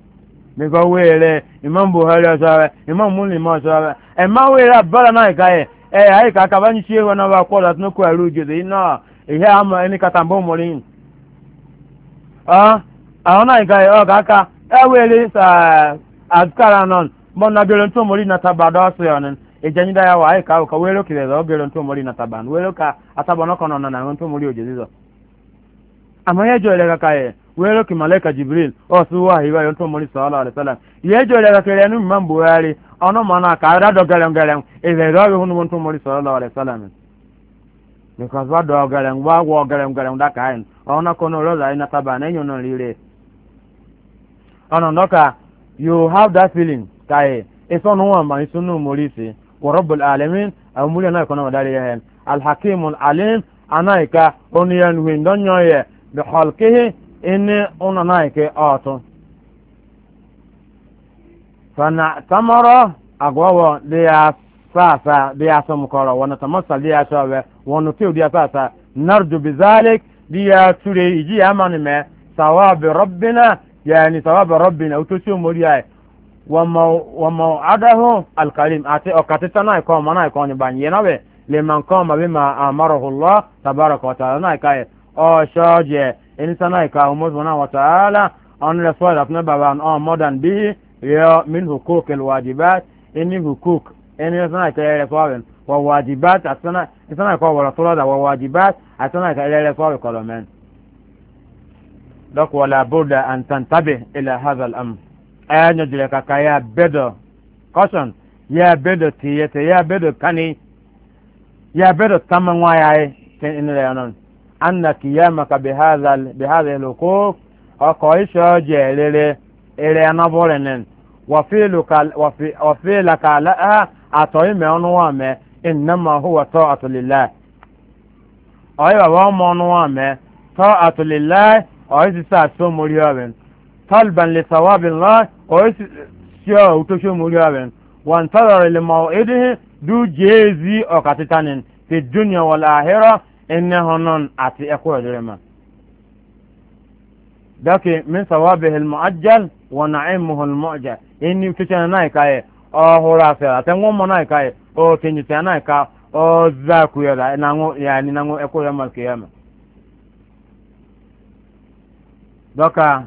biko were imam buhari ọsọrọ imam muslim ọsọrọ ẹma were abụọ na ka ye ẹ e, anyị ka akaba nyi chie wọn wa kwọrọ atụ n'okwu arụ ujede ịnọ ama kata mbụ e, e, na ọ ga aka e nọ na na ejanyi ya wa ka ka wero kireza obero ntu omori na taban wero ka atabano kono na na ntu omori ojezizo amaya ki malaika o ye nu mambu ono mana ka ra do galang galang e ve ro hunu ntu omori sallallahu alaihi ne ka zwa do galang wa wo galang kono la ina taban enyo no lire ono you have that feeling no wa ma ورب العالمين أمولي أنا يكون مداريهم الحكيم العليم أنا يكا أنيان وين دنيا بخلقه إني أنا نايك آتون فنعتمر أقوى ليا ساسا ليا سمكرا ونتمسى ليا شاوة ونطيو ليا ساسا نرجو بذلك ليا تري يجي أمان ما ثواب ربنا يعني ثواب ربنا وتسيو مريا wọmọ adahu alkarim àti ọ̀kàtítà náà ikọ̀ ọmọ náà ikọ̀ ọ̀nìbà yìí náà bẹ̀ lè máa kọ́ ọmọ bí ma àmọ́rọ̀hùlọ́ tàbárọ̀kọ̀ tààlà náà ikọ̀ ọ̀ṣọ́jẹ̀ ẹnìtà náà ikọ̀ ọmọdún náà wọ̀tààlà ọ̀nìlẹ̀ fọ́ọ̀dà fún bàbá ọ̀n mọ́dàn bí yọ min hukuk wàjibá ẹni hukuk ẹni náà ikọ̀ ẹrẹ fọ́ọ̀rẹ̀ wàjibá wàjibá àti anya gyerɛ kaka ya bedo kɔsɔn ya bedo tiyete ya bedo kani ya bedo tama ŋwayaye tɛn ɛnɛ yɛ nɔn anna kiyama ka bihazal bihazal loko ɔkɔ isɔ jɛ lele ele anabɔre nen wafiilu ka wafi wafiila ah, ka la ɛha atɔyi mɛ ɔnu wa mɛ innama huwa tɔ atulila ɔyi wa wɔn mɔ ɔnu wa mɛ tɔ atulila ɔyi sisan so mori ɔbɛn tɔlban lisawabi lɔri. oisi sio utosho muri aben wan tarara li maw'idihi du jezi okatitanin fi dunya wal ahira inne honon ati eko edirema dọkị min sawabihi almuajjal wa na'imuhu almu'jal inni utosho nai kae o hura fe atengo mo o tenyu te ka o zaku e nango yani nango eko kiyama doka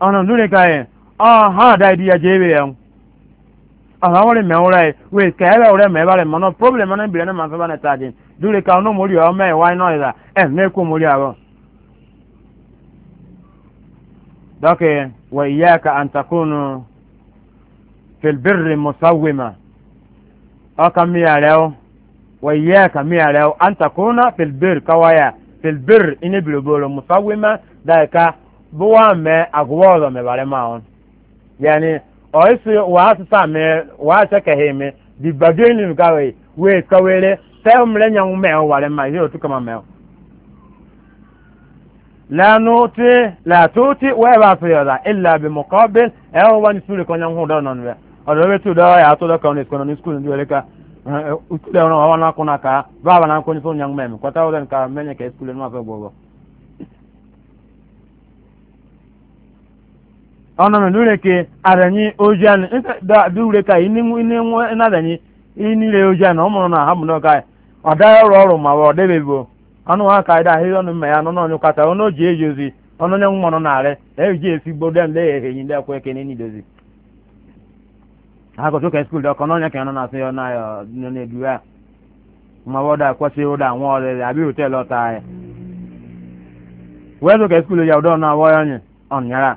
ọ̀nà lórí e, ka yẹn ọ̀hán àdá ìdí ẹ̀jẹ̀ ewé yẹn ọ̀hán wọ́n lè mẹ́ wúrà yìí wíì kẹ́ ẹ̀rẹ́ wúrẹ́ mẹ́ balẹ̀ problem ọ̀nà ìbílẹ̀ náà máa fẹ́ bá nẹ̀ta dín lórí ka ọ̀nà mórí ọmọ ẹ̀ wáyé náà yẹ̀dá ẹ̀ mẹ́kù mórí àwọ̀. dọ́kẹ́ wọ ìyá ka àǹtakùnù filbirri musawima ọkà miyàrá o wọ ìyá ka miyàrá o àǹtakùnù filbirri kawaya filbirri inibiriboro musawima dáìka buwa me agwozo me bare maon yani oisi wa me wa cheke di bageni mkawe we kawele sel mlenya umeo wale ma hiyo tu kama meo la nuti la tuti we ba fiyoda illa bi muqabil ewo wani sule konya hudo non we odo we tu dawa ya to da kauni kono ni skulu ndio leka eh, eh, utule ona wana kuna ka baba na konya so nyang meme kwa tawo den ka menye ke skulu ma fe gogo ọnụ m dure ke oji anị nta dure ka ini nwe nadanyi inire anị na ha mụrụ ka ọ dara ọrụ ọrụ ma ọ debebo ọnụ ha ka ịda ahịrị ọnụ mma ya nọ n'ọnyụ kata ọnụ ojii eji ozi ọnụ onye nwa nọ n'arị eji esi gbo dem lee ehe yi ndị eke ka n'ọnya ka ya nọ na asị ya na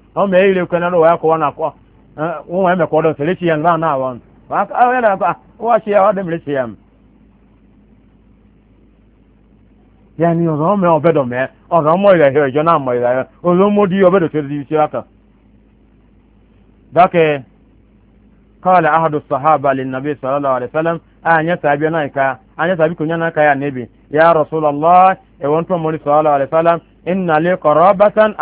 ọ ma eyiri ke na ụwa kọwa na akọ ụwa emekwa ọdọ nsọ lechi ya nla na awọ ọ ya na ụwa chi ya ọ dị ya m ya ni ọzọ ọmọ ọbẹdọ mee ọzọ ọmọ ìlà ihe ọjọ na mọ ìlà ihe, ọzọ ọmọ di ọbẹdọ tó di iṣẹ aka dọkẹ kọọlẹ ahadu sahaba lè nàbí kọrọ Basan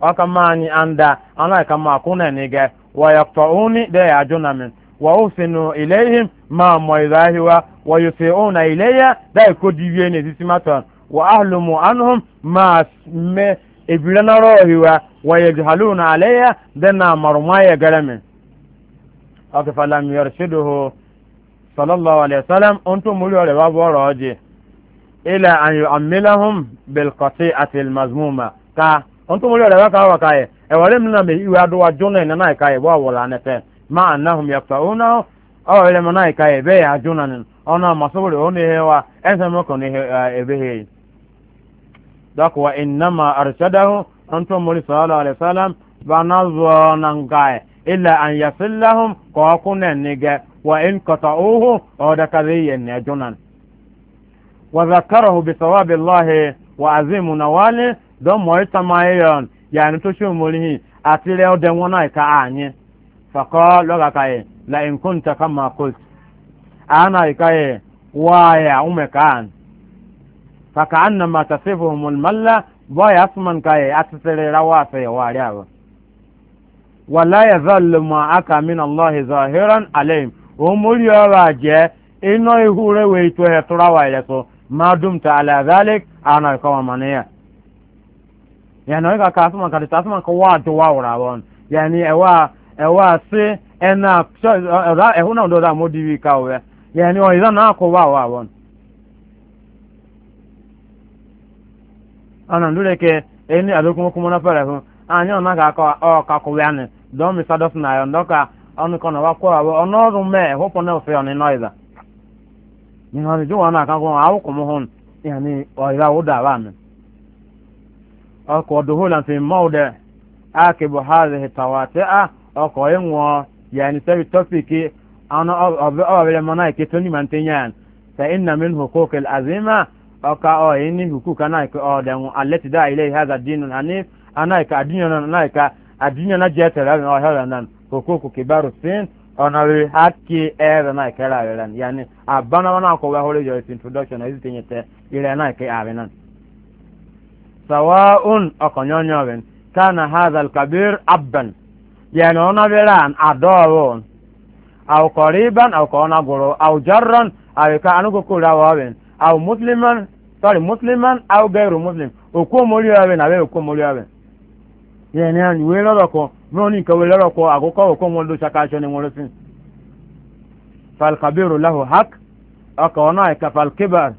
aka maani anda ana ka ma kuna nige wa yaqtauni da ya juna min wa usinu ilayhim ma moidahi wa wa yusiuna ilayya da ko diwe ne sisimaton wa ahlumu anhum ma me ibirana rohiwa wa yajhaluna alayya dana marmaya galamin aka falam yarshiduhu sallallahu alaihi wasallam onto mulyo le babo roje ila an yu'ammilahum bil qati'ati al mazmuma ka on to mo le ra ka wa ka e e wa le na me iwa do wa jona na na ka e wa wa la ne te ma annahum yaqtauna aw le mo na ka e be ya jona ne ona masabure oni he wa en se mo ko ni he e be he wa innama arshadahu on to mo sallallahu alaihi wasallam ba na zo an yasillahum ko kunen ni wa in qata'uhu aw da ka وذكره بثواب الله وعظيم نواله don mo ita mai yon ya ni to shun mori hi ati le ode won na ka anyi fa ko lo ga kai la in kunta kama qult ana kai wa ya umekan fa ka anna ma tasifuhum al malla wa yasman kai atsere rawa fa ya wari aba wala yazallu ma ka min allah zahiran alayhim o mori ora je ino ihure we to he turawa ile so ma ta ala dhalik ana kama ya. yani weka kasuma kati tasuma ko watu wawra won yani ewa ena na wi kumo na pare hun anya na ka ka o ka ko yani don mi sadof na yo ndoka onu ko na wakwa wo ono ru me hopo na ofe oni noiza ni no ju wana na aka awu ko mo hun yani o ira uda wa ọkọ̀ dùhùlà fi mọ́ọ̀dẹ̀ ákìbù hàzìhì tàwàtí à ọkọ̀ ìwọ̀n yẹni sẹ́bi tọ́pìkì àwọn ọ̀bẹ̀rẹ̀ mọ́nà ìké tó ní màntí yẹn sẹ́ iná mi hùkú kìl àzìmà ọkà ọ̀yẹ́ ní hùkú kan náà ìké ọ̀dẹ̀ wọn alẹ́tì dá ilé ìhàzà dínú àní anáìka àdínyàn anáìka àdínyàn jẹ́ tẹ̀lé ọ̀hẹ́rẹ̀ náà hùkú kìkì bárò sín ọ̀nà rẹ̀ hákì ẹ̀rẹ̀ náà ìkẹ́rẹ̀ àrẹ̀ náà yẹni àbánáwá náà kọ̀wé ahọ́rẹ́ yọ̀ sawa'un okonyonyo ben kana hadha alkabir abban yani ona beran adowon aw qariban aw kona goro aw jarran aw ka anugo kura waben aw musliman sorry musliman aw gairu muslim oku mori waben abe oku mori waben yani an we loro ko noni ka we loro ko agoko ni mo sin fal kabiru lahu hak akona ka fal kibar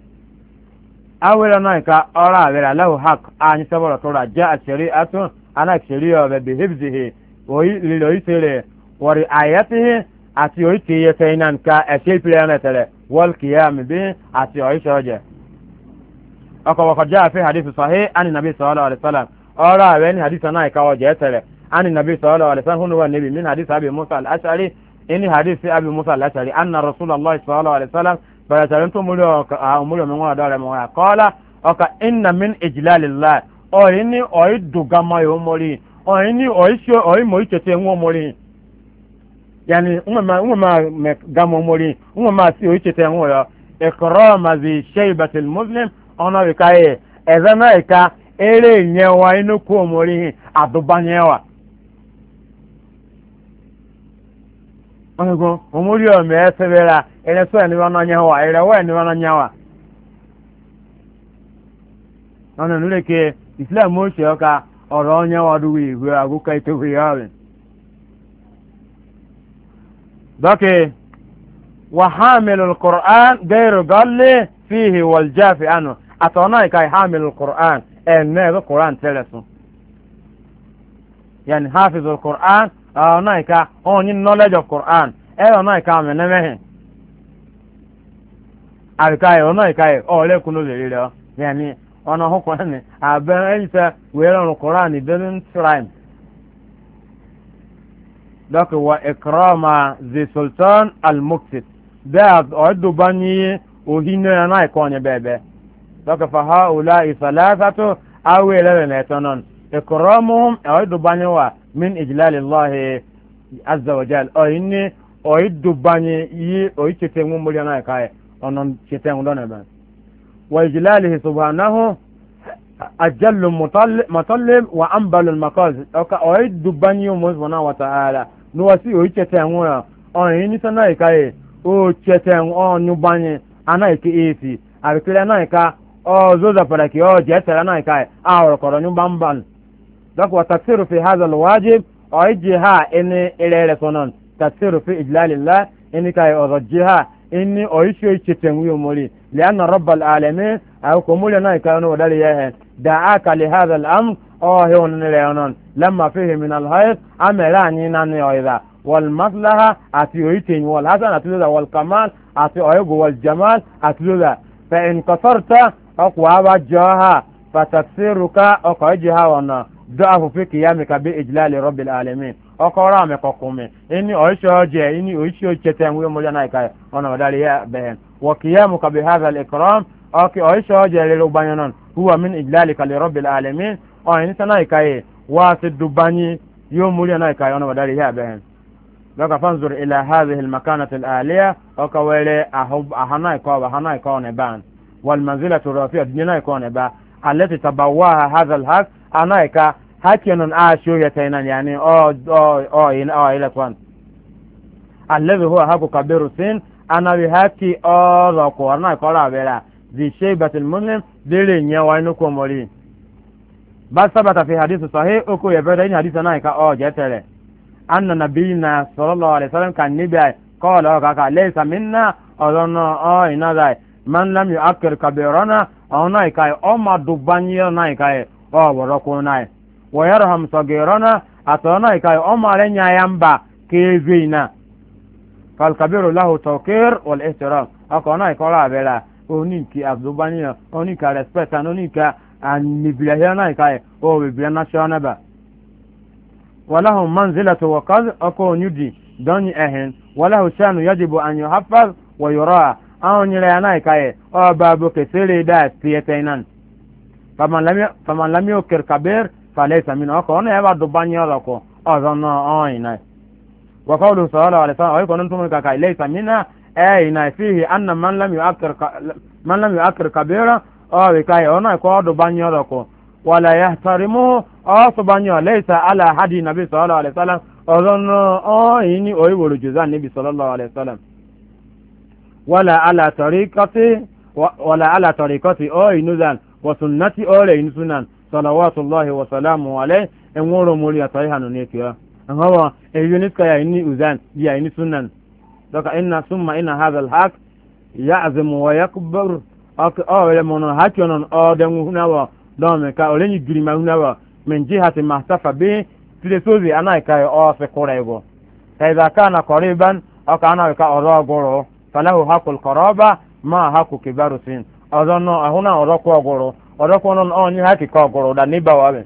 awira na ka ora awira lahu hak anyi sabara tora ja ashari atun ana shari ya be hibzihi oyi lilo isere wari ayatihi ati oyi tiye kainan ka eshil pilana tele wal qiyam bi ati oyi shoje aka wa ja fi hadith sahih an nabi sallallahu alaihi wasallam ora awen hadith na ka waje tele an nabi sallallahu alaihi wasallam huwa nabi min hadith abi musa al ashari ini hadith abi musa al ashari anna rasulullah sallallahu alaihi wasallam barasarin to muri ọka a muri omi wọn adọrẹ mọ akọọla ọka inna min ejilala ọyìn ni ọyìn dùgàmọ yòó mọrí ọyìn ni ọyìn ṣe ọyìn mọ ìṣètò ẹwọn mọrí yanni nwema mẹ gamọ mọrí nwema si ọyìn ṣètò ẹwọn yọ ìkọrọ màzì ṣe ìbàtìl muslim ọ̀nà ìka yẹ ẹ̀zẹ̀ náà ìka eré ìyẹn wa inú kú mọrí àdúbanyẹ wa. wọn kò ọmọdé ọmọ ẹ sẹbẹrẹ ẹrẹ sọ ẹni wọn n'anya wa ẹrẹ wọ ẹni wọn n'anya wa wọn nínú lè ké islam ó ṣe ọka ọrọ ọnyá wa dùwẹ̀ ìwé àgùkà ìtòwé ọrẹ. dọ́kì wàhámìlì qur'an gẹ́rù gọ́lé fìhì wọ̀ljáfì àná àtọ̀nà ìka ìhámìlì qur'an ẹ̀ náà ẹ̀rọ sùn. yẹn hafizu qur'an Ah, ọ̀nà ìka ọ̀nyin knowledge of Quran ẹ̀ ọ̀nà ìka mẹ́nẹ́mẹ́hìn àbíká yẹ ọ̀nà ìka yẹ ọ̀ọ́lẹ́ kunu lè rí rẹ ọ yẹni ọ̀nà ọkùnrin ni àbẹ̀rẹ̀ ẹ̀yìn fẹ́ wẹ́ẹ́ rọrùn Quran ìdẹ́nu tíráìm dọ́kì wọ ìkọ́rọ́mà the Sultan al-Muqsit bẹ́ẹ̀ ọ̀ẹ́dùbá ní òhìn náà náà ìkọ́ ọ̀nyẹ bẹ́ẹ̀ bẹ́ẹ̀ dọ́kì fàhà ọ̀la ìsàlẹ̀ àtàtù awé ẹlẹ́rìn ẹ̀tọ́ náà ìkọ́rọ́mù ọ̀ẹ́dùbá ní wà min ijlalillahi azza wa oyi ni dubanye yi oyi na onon chetengu dona ban wa ijlalihi subhanahu ajallu mutallim wa ambalul maqaz oka oyi dubanye mu subhanahu wa ta'ala no oyi chetengu na oyi sana o ana na o o na dɔk wa tafsiru fi hadha alwajib ɔyi jiha ini ilere sonon tafsiru fi ijlalillah ini kai ɔzɔ jiha ini ɔyi shoyi citen wiyo mori lianna rabbal alamin ayi ko muli na ikai no wadari yehe da'aka li hadha al'amr ɔhi wani nire yonon lamma fihi min alhayd amera anyi na ni ɔyida wal maslaha ati oyi tenyi wal hasan ati loda wal kamal ati oyi go ati loda fa in kasarta ɔkuwa ba jɔha fa tafsiruka ɔkɔ jiha wana dọ́àfù fi kìyàmì kàbí ìjìláàlì rọ́bì alẹ́mí ọkọ̀ ọ̀rọ̀ àmì kọ̀kùn mi ẹni oríṣi ọjẹ́ ẹni oríṣi ọjẹ́ tẹ̀ ń wí mọ́jà náà ìka ọ̀nà ọ̀dàlì yẹ bẹ́ẹ̀ wọ kìyàmù kàbí hazal ìkọ́rọ́m ọkọ̀ oríṣi ọjẹ́ rẹ̀ ló báyọ̀ náà huwa min ìjìláàlì kàlí rọ́bì alẹ́mí ọ̀yìn sẹ́nà ìka yẹ wá sí dubani yóò múlẹ̀ náà ìka ọ̀nà ọ̀dàlì yẹ bẹ́ẹ̀ lọ́kà fanzur ilà hazihil makanat alẹ́ ọkọ̀ wẹ̀rẹ̀ anaika hakinun a shuriya ta yana yani o o yin awa ila kwan allabi huwa haku kabiru sin ana bi haki o zo ko na ko ra bela zi shaybatul muslim dele nya wa inu ko mori ba sabata fi hadithu sahih uku ya bada in hadithu na ka o je tere anna na sallallahu alaihi wasallam kan nibi qala ka ka laysa minna ọlọ́nà ọ̀ ìnáda man lam yu'akkir kabirana ọ̀nà ìka ọ̀ ma dùbányé ọ̀nà ìka ọbọrọ kwụ na wọyọrọ ha msọgịrọ na atọ na ịka ọ mara nya ya mba ka ezu na falkabiru lahụ tawkir wal ihtiram ọkọ na ịkọrọ abịara oni nke abdubaniya oni ka respect and oni ka and mibira hịa ọ ba walahum manzilatu wa qad ọkọ onyudi donyi ehin walahu shanu yajibu an yuhaffaz wa yura awon nyere ya na ọ kesere tiyete faman lam yukir kabir falaysa minhu oko ono yaba dubanya loko ozono oina wa qawlu sallallahu alaihi wasallam ayko ntum ka kai laysa minna ayna fihi anna man lam yukir man lam yukir kabira o bi kai ono ko dubanya loko wala yahtarimu asbanya laysa ala hadi nabi sallallahu alaihi wasallam ozono oini oiworo juzan nabi sallallahu alaihi wasallam wala ala tariqati wala ala tariqati oinuzan Wasunati sunnati ore in sunan salawatullahi wa salamu alai en woro mori atai hanu ne kiya an hawa e yunis ka ya inni uzan ya inni sunan daga inna summa inna hadha alhaq ya'zimu wa yakbar ak awle mono hachonon o den hunawa don ka oleni girima hunawa min jihati mahtafa bi tile sozi anai kai o se korego فإذا كان قريبا أو كان أو كأرى فله حق القرابة ما حق كبار السن ọzọ nọ ahụ na ọrọkwa ọgwụrụ ọrọkwa nọ onye ha kika ọgwụrụ da n'iba wabin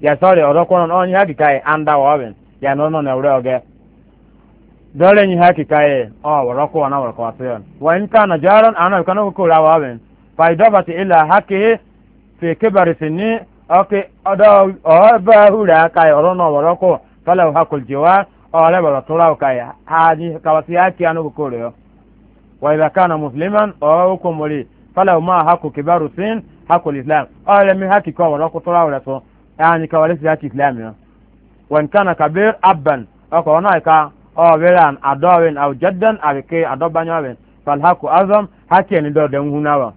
ya sọrị ọrọkwa nọ onye ha kika e, anda wabin ya nọ nọ e, na ure oge dole nyi ha kika ye ọ ọrọkwa na ọrọkwa sịọ wa a na jaran ana ka na kokora wabin fa idobati ila haki fi kibari sini oke ọdọ ọba hura ka ọrọ na ọrọkwa fala hakul jiwa ọrẹ bọrọ tura ka ya ha ni kawasi ya ki anu kokoro yo وإذا كان مسلما أوكم لي فلو ما حق كبار السن حق الإسلام أولا من حق كورا كترا ولا سو يعني كواليس ذات إسلام وإن كان كبير أبا أو كونايكا أو بلان أدوين أو جدا أو كي أدوبان يوين فالحق أعظم حكي ندور دون هنا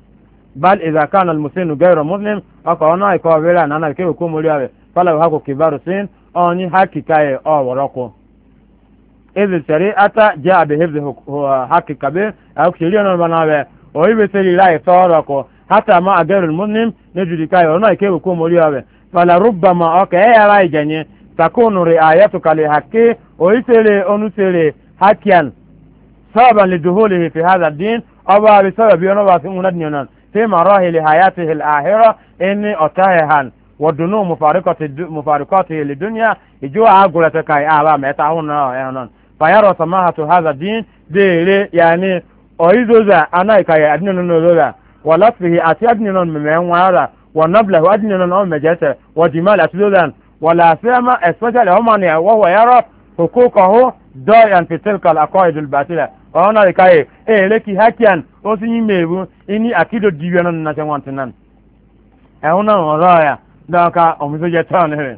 بل إذا كان المسلم غير مسلم أو كونايكا أو بلان أنا كي يكون مليوين فلو حق كبار السن أو ني حق كاي أو وراكو إذ الشريعة جاء بحفظ حق كبير أو شريعة منابع وإذ سري لا يتورك حتى ما أجر المسلم نجد كاي ونا يكيب كوم وليابه فلربما أوكي يا راي جاني تكون رعايتك لحقه ويسري أنسري حقيا سببا لدخوله في هذا الدين أو بسبب ينوى سمونا في مراحل حياته الآخرة إني أتاهن ودنو مفارقته للدنيا يجوا أقول لك أي أبا متى هنا fayaro samahatu hadha din deere yani oizoza anaikaya adinononorola walafihi ati adinon memenwara wanablahu adinon omejete wadimal atizozan wala siyama especially homani wahuwa yara hukukahu doyan fi tilka alaqaid albatila ona ikaye eleki hakian osinyi mebu ini akido diwianon nasenwantinan ehuna oroya doka omisoje tonere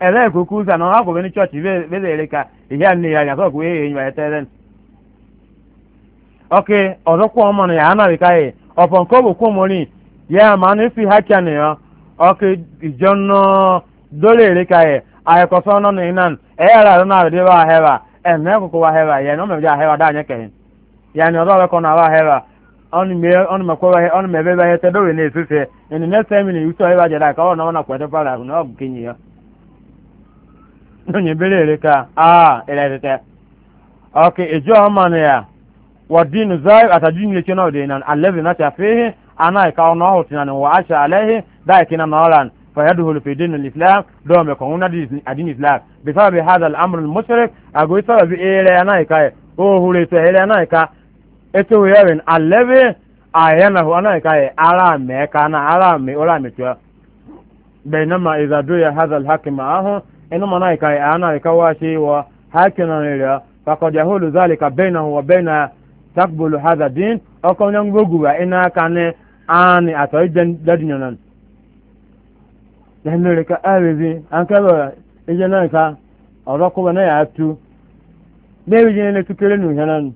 Ebee sà náà wà kọ̀wé ní chọ́ọ̀chì bẹ́ẹ̀ lè ka ìyá àná ìyá àgàsọ̀ kò yéye ìyá ẹ̀tẹ́ rẹ̀. ọ̀kẹ́ ọ̀dọ́kọ̀ ọmọ nìyà á náà ọ̀pọ̀ nǹkan bò kún mọ́rin yẹ àmà ní fi hákíà nìyàn ọ̀kẹ́ ìjọ ya dólè ríka yẹ àyẹ̀kọ̀sọ́ ọmọ ìjà hẹ́wà dáa nyẹ́kẹ̀yìn yẹni ọ̀dọ́ ọ̀rẹ́kọ̀ ọ̀nà nye bere ere ka aa ere tete ok ejo ọma na ya wadinu zai ataju ni leche na ode na alevi na chafihi ana ka ono ho tinani wa asha alehi dai kina na oran fa yadhulu fi dinil islam do me ko una di adin islam bi sababi hadha al amr al mushrik ago sababi ere ana ka o hure to ere ana ka eto yawen alevi ayana ho ana ka ara me ka na ara me ora me to بينما إذا دوي هذا الحاكم معه inu mana ika ya ana ika wa shi wa hakina ne ya fakad yahulu zalika bainahu wa baina takbulu hadha din oko nyan gogu wa ina kane ani ato ijen dadinyo nan nahnu lika awizi an kaba ijen nan ka ọrọkụ wa na ya atu n'ebi jin ne tukere nu hanan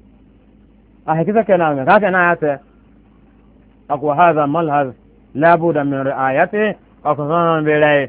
a hakika kana ga ka na ya ta akwa hadha mal hadha la buda min ri'ayati akwa sanan bi rai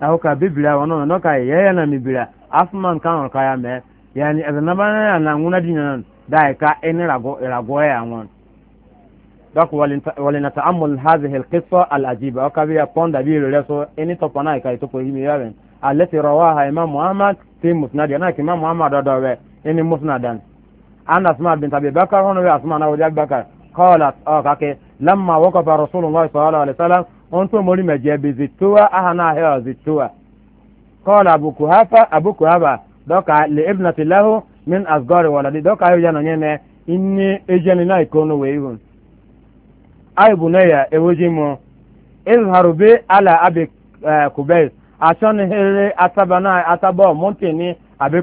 ahoka bibira wano no ka yaya na mibira afman kan ka ya me yani azanabana na nguna dinan dai ka enirago irago ya ngon dok walina ta'ammul hadhihi alqissa alajiba wakabiya ponda bi leso eni topana ka itopo himi yaben alati rawaha imam muhammad fi musnad yana ki imam muhammad adawe eni musnadan ana asma bint abi bakar hono we asma na wajab bakar qalat ke lamma waqafa rasulullah sallallahu alaihi wasallam onto mori majebi zituwa ahana hewa zituwa kola abu kuhafa abu kuhaba doka li ibnati lahu min asgari waladi doka yo jana nyene inni ejani na ikono weihun ay bunaya ewojimo izharu bi ala abi uh, eh, kubais ashon hele atabana ataba montini abi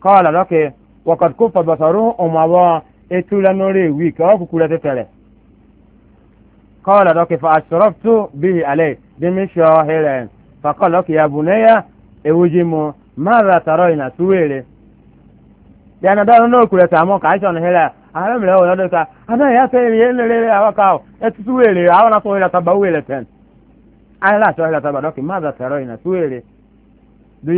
kola doke wakad kufa basaru umawa etula nore wiki okukula tetere قال لك fa به عليه دمشي هيرين فقال لك يا بني ewujimu mara taro ina tuwere yana dara na okure ta mo ka iso na hera ara mire o lodo ka ana ya se ye ne re awa ka o e tu tuwere awa na so hera ta doki mara taro ina tuwere du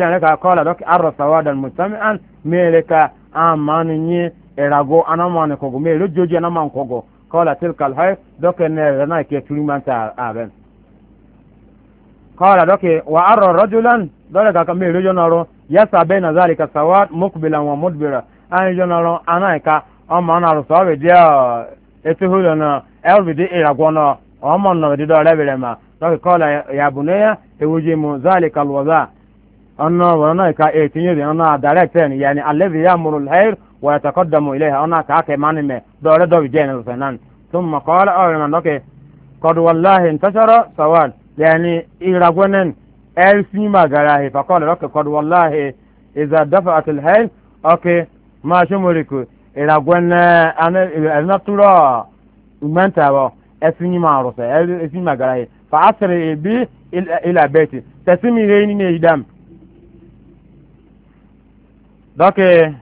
amani ni erago anamani kogo mele joji anamani kogo قال تلك الحي دوك نرنا كي كلمة آبن قال دوك وأرى رجلا ذلك كمي رجل يسعى بين ذلك سواد مقبلا ومدبرا أن جنرو أنا كا أما أنا رسول ديا إتهولنا ألبدي إلى قونا أما نبدي دولا بلما دوك قال يا بني يوجم ذلك الوضع أنا وأنا كا إتنيدي أنا دايركتين يعني الذي يأمر الخير ويتقدم إليها أنا كاكي ماني مي دوري دو بجين الفنان ثم قال أول من دوكي قد والله انتشر سوال يعني إيراغونن ألسي ما قراه فقال لك قد والله إذا دفعت الحيل أوكي ما شمركو إيراغونن أنا أنا ترى من تابو أسيني ما عرسة أسيني ما قراه فأسر بي إلى بيتي تسمي هيني نيدام دوكي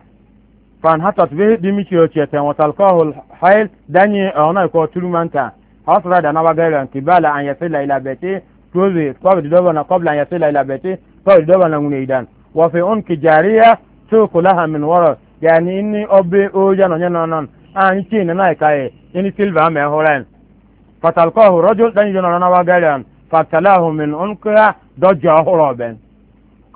fan hatat be di mi ciyo ce ta wata alkohol hail danye a wani ko turmanta hasra da nawa gairan kibala an yasila ila bete tozi kwabi di dobana qabla an yasila ila bete kwabi di dobana ngune idan wa fi unki jariya tuku laha min wara yani inni obbe o jano nyano non an ci na nai kai ini silva me horen fatalkohu rajul dan jano nawa gairan fatalahu min unkiya dojja horoben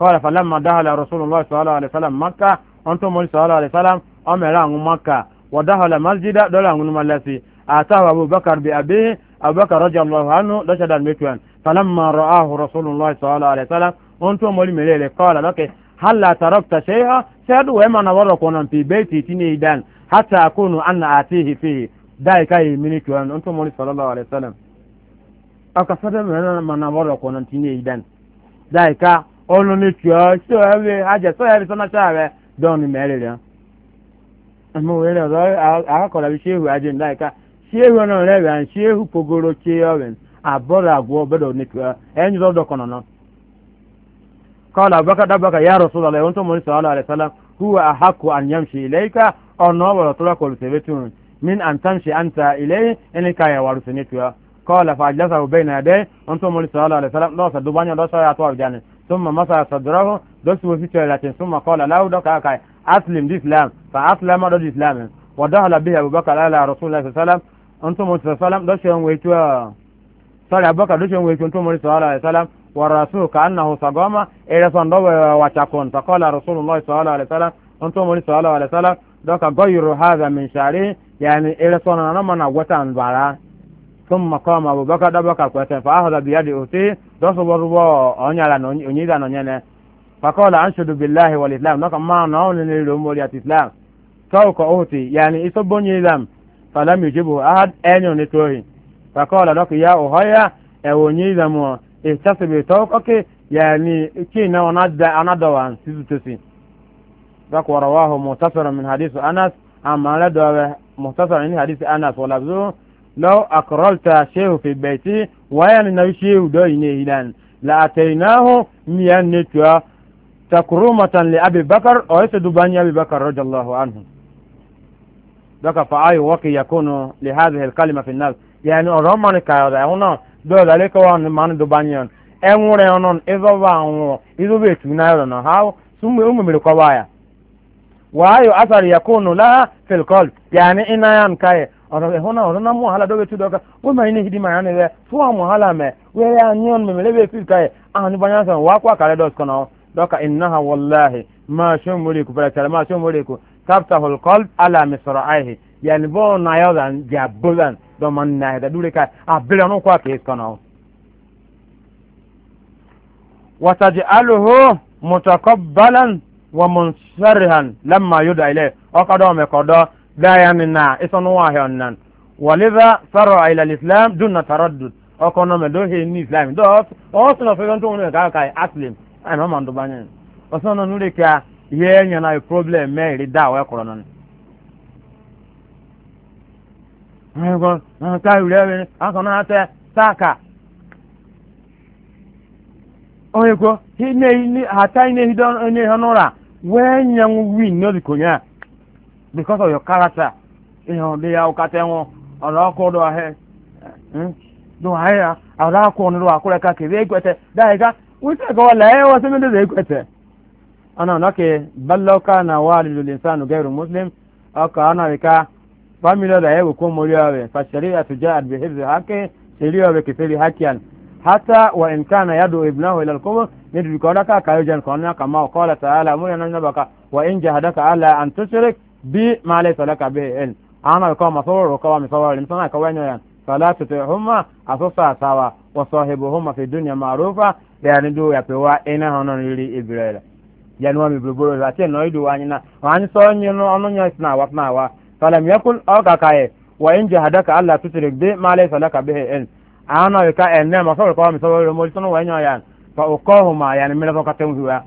قال فلما دخل رسول الله صلى الله عليه وسلم مكه onto mori sallallahu alaihi wasallam amara ngu makka wa dakhala masjida dola ngu malasi atahu abubakar bi abihi abubakar radiyallahu anhu da shadan metwan falamma ra'ahu rasulullah sallallahu alaihi wasallam onto mori melele qala lake halla tarakta shay'a shadu wa man wara konan dọ́ọ̀nù mẹ́rin rẹ̀ ọmọ òwe rẹ̀ ọ̀rọ̀ bí ṣéhù ajé ńlá ìka ṣéhù ọ̀nà rẹ̀ rẹ̀ à pogoro ṣe ọ̀rìn àbọ̀rọ̀ àgọ́ ọ̀bẹ̀dọ̀ nìkan ẹ̀yìn lọ́dọ̀ kan náà. kọ́lá abúkádá bàkà yà rọ̀ sọ̀rọ̀ ẹ̀wọ̀n tó mọ̀ ní sọ̀rọ̀ rẹ̀ sálá huwa àhàkù àníyàmṣe ilẹ̀ ìka ọ̀nà ọ̀bọ̀rọ̀ tó lọ́kọ̀ lùsẹ̀rẹ̀ tún min ثم مسح صدره دوس وفيتو لكن ثم قال له دك أسلم الإسلام فأسلم رد الإسلام ودخل به أبو بكر على رسول الله صلى الله عليه وسلم أنتم صلى الله عليه وسلم دوس ويتو صلى أبو بكر دوس ويتو أنتم صلى الله عليه وسلم والرسول كأنه صقام إلى صندوق وشكون فقال رسول الله صلى الله عليه وسلم أنتم صلى الله عليه وسلم دوك غير هذا من شعره يعني إلى صنعنا من وتن ثم قام أبو بكر دبك فأخذ بيد أخته dɔsɔ bɔ rubɔ ɔnyala na onyiza na onyene fakola anshudu billahi wal islam nɔka maa na ɔn lele lomo ya islam tɔw ka ohti yani iso bonyi fala falam yujibu ahad enyo ni tohi fakola dɔka ya ohoya e onyiza mo ihtasibi e tɔw kɔki yaani ki na onada anadawa sisi tosi dɔka warawahu mutasara min hadisu anas amma la dɔwɛ mutasara min hadisu anas wala لو أقرلت شيء في بيته وين نوشيه دوين إلان لأتيناه ميان نتوى تكرومة لأبي بكر ويسد دباني أبي بكر رضي الله عنه ذاك فأي وقي يكون لهذه الكلمة في الناس يعني أرمان كايدا هنا دو ذلك وان من دباني أمور يونون إذا وانو إذا بيتنا يدنا هاو ثم يوم ملكوايا وأي أثر يكون لها في القلب يعني إنا ينكاي ọ̀rọ̀ rẹ̀ hona ọ̀rọ̀ náà mú wàhálà dọ́wọ́ etu dọ́ka wọ́n mẹ́rin ní hidima yẹn ni rẹ̀ fún àwọn wàhálà mẹ́ wẹ́rẹ́ anyiọ́n mẹ́mẹ́lẹ́ bẹ́ẹ̀ fíìkà yẹ àwọn nípa yẹn sọ̀rọ̀ wàá kó àkàrẹ́ dọ́s kan náà dọ́ka ìnáha wọláhi máa ṣe múlẹ̀ kù pẹ̀lẹ́ tẹ̀lé máa ṣe múlẹ̀ kù kápítà holkọ́l alàmì sọ̀rọ̀ àìhì yẹn bọ́ náyọ̀dàn jà bọ́lán dọ́mọ náà ẹ̀dá dúró ká àbílẹ̀ ọ̀nù kó àkàrẹ́ kan náà. wàtàjì daya minna isonu wahyo nan walidha saro ila islam duna taraddud okono me islam do osu no fegan to ne ka kai aslim ai no man do banyen na problem me ri da wa koro na ure na saka he ne ni hata ne hidon ne hanora we nya wi no dikonya because of your character you ìhàn lè ya ọkàtẹ wọn ọ̀rọ̀ ọkọ̀ ọ̀dọ̀ ahẹ́ do ahẹ́ ya ọ̀rọ̀ akọ̀ ọ̀nà lọ́wọ́ akọ̀rẹ́ ká kèrè ẹgbẹ̀tẹ̀ dáìka wọ́n ti ẹ̀kọ́ wọlé ẹ̀ wọ́n ti mẹ́lẹ̀ lè gbẹ̀tẹ̀. ọ̀nà ọ̀nàkẹ́ balọ́ọ̀ká na wà lílo lè sànù gẹ́rù muslim ọkọ̀ ọ̀nà àríká fámìlì ọ̀dà ẹ̀ wò kó mórí ọ̀rẹ́ fàṣẹ̀rí àtújá àdìbẹ̀hẹ́bẹ̀ hákẹ́ sẹ̀rí ọ̀rẹ́ kẹfẹ́rí hata wa in kana ibnahu ila al-kufr nidri kodaka kayojan konna kama qala ta'ala murana nabaka wa in jahadaka ala an bi ma laysa laka bihi ilm ana ko ma sawro ko mi sawro mi sana ka wanyo yan fala tutihuma asusa sawa wa sahibuhuma fi dunya ma'rufa da yani do ya pewa ina hono ri ibrahim yanu mi bulbulu za te no idu wanyina wani so nyi no onu nya sna wa na wa falam yakul aw ka kae wa in jahadaka alla tushrik bi ma laysa laka bihi ilm ana ka enne ma sawro ko mi sawro mo sunu wanyo yan fa uqahuma yani mi la ko katem huwa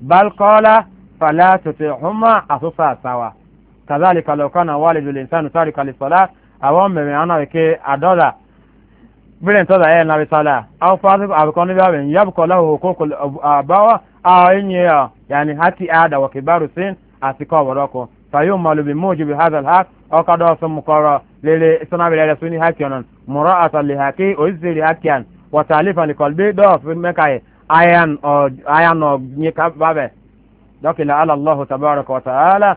bal qala fala tutihuma asusa sawa kadhalika law kana walidu linsanu tarika lisala awon meme ana weke adola bilen toda e na bisala aw fasi abikon ni baben yabko lahu hukukul abawa aw inye yani hati ada wa kibaru sin asiko waroko fayumalu bimujibi hadha alhaq aw kada sumqara lele sana bilele suni hakionon mura'atan lihaqi o izri hakian wa talifan liqalbi do fi mekai ayan o ayan o nyika babe la ala Allahu tabaraka wa taala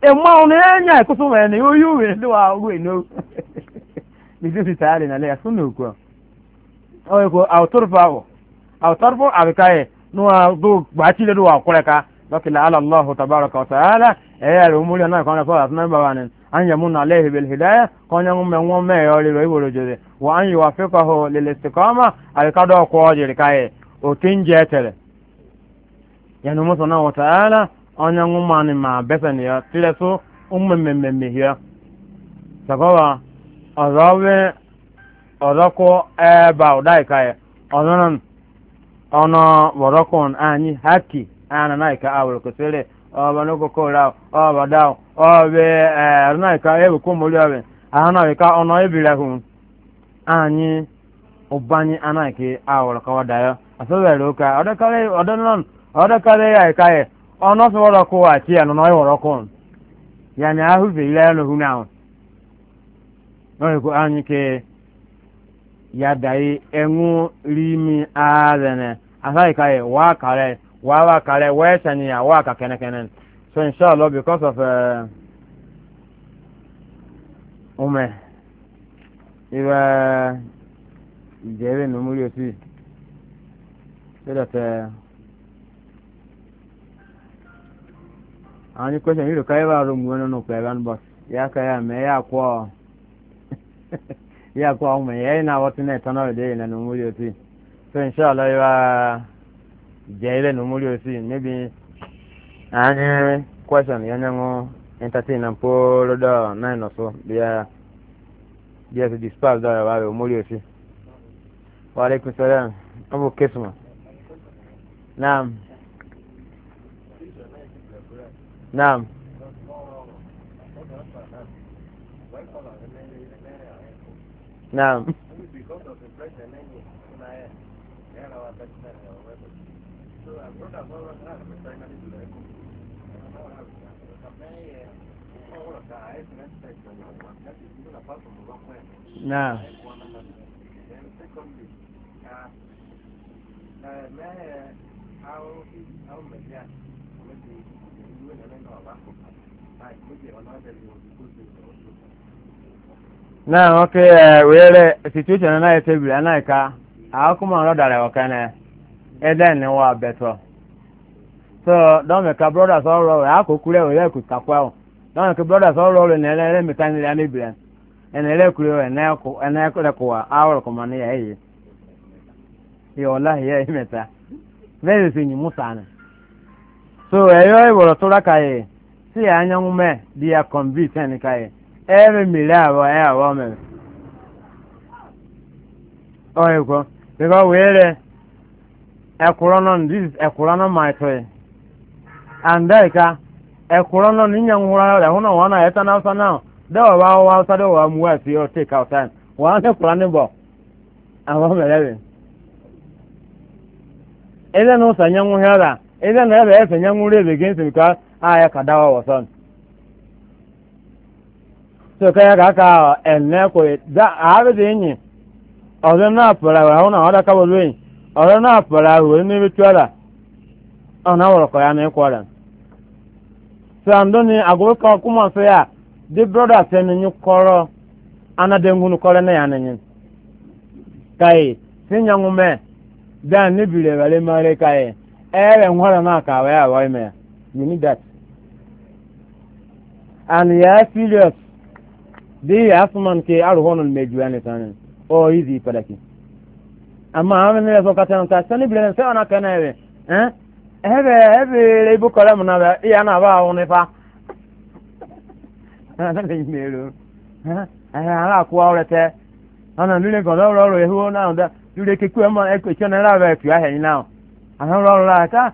emma ono enya ekusu ma ne oyu we do wa ogu eno mi se fitare na le asunu ko o ko autorfa o autorfa abikaye no a do gbachi le do wa koreka lakila ala allah tabaraka wa taala e ya ro muri na kan so asna baba ne an yamuna alayhi bil hidayah kan yamu me won me yo le ibo lo jode wa an yuwafiqahu lil istiqama al kado ko jere kaye o tinje tere yanu musana wa taala onye nwụmanị ma besani ya ụmụ mmemme ya sakoba ọzọwe ọzọkụ ebe ụdaika ya ọzọnan ọnụ anyị haki ana naika awụrụ kwesịrị ọba n'okoko ra ọba da ọba e, naika ewu ọbịa naika ọnụ anyị ụbanye awụrụ ya ya ọ̀nà fi wọ́rọ̀ kó àti ẹ̀nà náà ìwọ̀rọ̀ kó ń yàní ahùfẹ́ ilẹ̀ ẹ̀nà òhun náà wọ́n yìí kó anyi ké yàdá yìí ẹ̀ńú rìmí ààrẹ̀nẹ̀ àtàyíká yìí wà á kàrẹ̀ wà á wà á kàrẹ̀ wà á ẹ̀sẹ̀ wà á kà kẹ́nẹ́kẹ́nẹ́ so inshallah because of ọmọ ẹ̀ ibà ìjẹ́rẹ́ nìmúlẹ̀ sí so that. Eh, ani kwesa hilo kaiba rumwe no pegan ba ya kaya me ya kwa ya kwa me ya ina watu ne tano de ina numuri oti so inshallah ya jele numuri oti maybe ani question yanyango entertain and polo da nine or so bia bia se dispatch da ba numuri oti wa alaikum salam abu kisma naam naam. naam. Naam. na nwoke were situation anaghị tebiri anaghị ka akụkọ ọrụ dara ọka na eden wa betọ so dọmi ka brothers ọrụ ọrụ akụkụ rẹ were kutakwa dọmi ka brothers ọrụ ọrụ na ere mita nri ya mebiri ẹna ere kuri ọrụ ẹna ẹkọrẹkọwa ahụrụ kọma na ya eyi ya ọlaghị ya imeta bẹẹ sì nyị musa na so eyo iboro tura kaye si anya mume di ya convince ebe mire abo e abo me oye ko biko were ekwuro non this is ekwuro non ka ekwuro non ni nyanwu ra ra hono eta na usa now de wa wa wa wa mu wa take out time wa se kwuro ni bo no sa ịza na ebe efe nye nwụrụ ebe gị nsị ka ya ka dawa wọsọn so ka ya ka aka ene ko da ahụ dị enyi ọzọ na apụrụ ahụ ahụ na ọ ọda kabọdụ enyi ọzọ na apụrụ ahụ onye n'ebe tụọla ọ na wọrọ kọ ya na ịkwọrọ so andụ ni agụrụ ka ọkụma nsọ ya dị brọda sị na nyụ kọrọ anadị ngwụnụ kọrọ na ya na nyị ka yi e, si nyanwụ mee dan ne biri ewere mere ka ị. E. ere nwere na aka wee aghọ ime ya you need that and ya serious di ya asuman ke aruhonu meju anytani o izi padaki amma amin ne so kata nta sani bilen se ona kana na eh ebe ebe le ibu kole mu na ba iya na ba awon ifa na le imero eh ara ku awrete ana nule godo ro ro ehu na onda dure ke ku ma e ko chana ra ba fi ahe ni now anọrọ ọrụ aka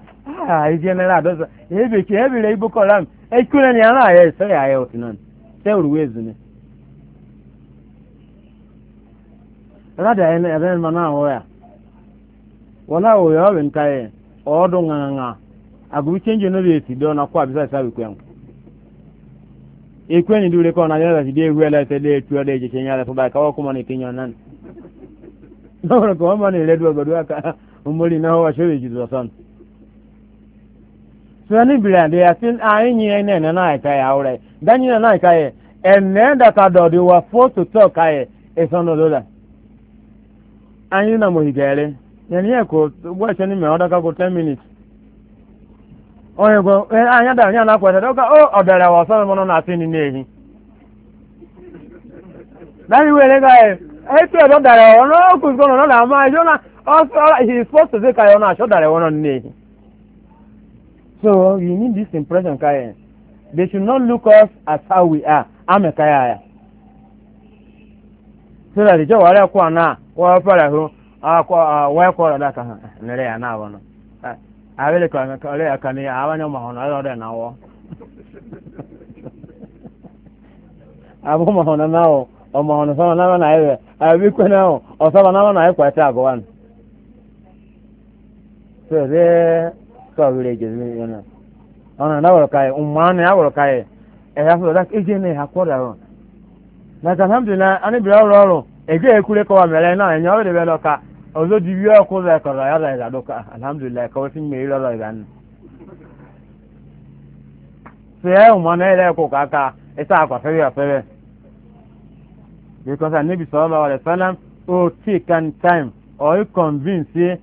a ah, ijenere adọsa ebechi ebire iboko haram ekure ni ara ya ese ya ya otinan se uruwe ezune rada ene eren mana oya wala oya ya, nkaye odo nganga agubi chenje no beti do na na yala umuri na hawa shiri ji zosan sani bila de ya a yin na na ka ya aure dan yi na ka ye en ne da ka do di wa fo to to ka ye e so no do da an yi na mo higere ne ni ko bo se ni me oda ka ko 10 minutes e, o ye go e anya da anya na ko da ka o odara wa so mo na sin ni ne dan yi we le ka e e to do dara ro no ku so no na ma jo na Also, he is supposed to say kayo na show that So you need this impression kayo. They should not look us as how we are. I'm a So that the job wale na wa pala hu akwa wa kwa da ka nere ya na le na wo. o na na o na na so there so villages you know ona na wala kai umman ya wala kai e ya so that eje ne ha kwara ron na ani bi e kure ko wa mere na de be lo ka ozo di bi ko za ko ra ya da do ka alhamdulillah ka ka e sa ko fe ya because anabi sallallahu alaihi wasallam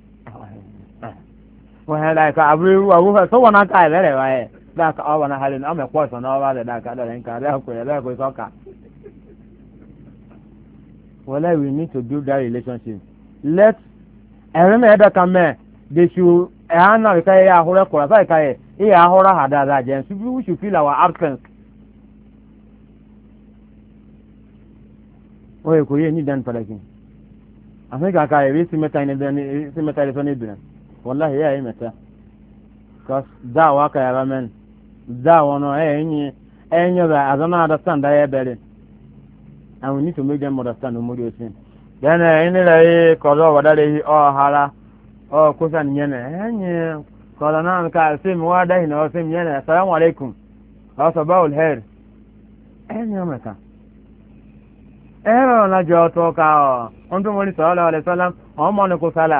wọ́n aka ka we need to build that relationship let ẹ̀rín náà ẹ̀dọ̀ kan mẹ́ẹ̀ they should ẹ̀hán náà kìka yẹ ahọ́rẹ́ kọ̀ọ̀rọ̀ sáyẹ̀ ká yẹ iye ahọ́rẹ́ hà dáadáa jẹ́ we should feel our absence. wọ́n yẹ kò yẹ ní dan pàtàkì àfikà ká yẹ bí símẹ́ta ẹni sọ ní ìdùnnà. wallahi ya yi mata za dawa ka yara men dawa no e eh, nyi e eh, nyi ba azana da stand ya eh, bere and we need to make them understand the modio then eh ni la yi ko do wada le o hala o e ko la na ka sim wa da hina o sim assalamu alaikum asabahul khair e nyi mata ẹ̀rọ ọ̀nàjọ́ ọ̀tọ̀ ọ̀ka ọ̀ ọ̀ntúnmọ̀lì sọ̀rọ̀ ọ̀lẹ́sọ́lá ọ̀mọ̀nìkùsálà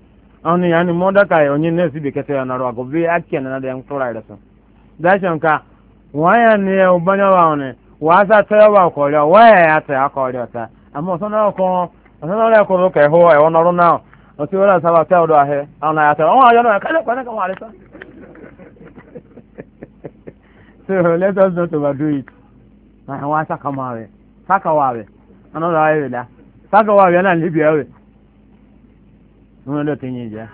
an yani moda onye ne ya ago bi na da yang tora ida so da shanka waya ya ubanya wa one wa sa wa ko ya waya oh, ya ta ya ya ta amma so na ko so na ko ho na o wala sa ba ta ahe ana ya ta o ya no ka so let us not overdo it na muna da tun yi ja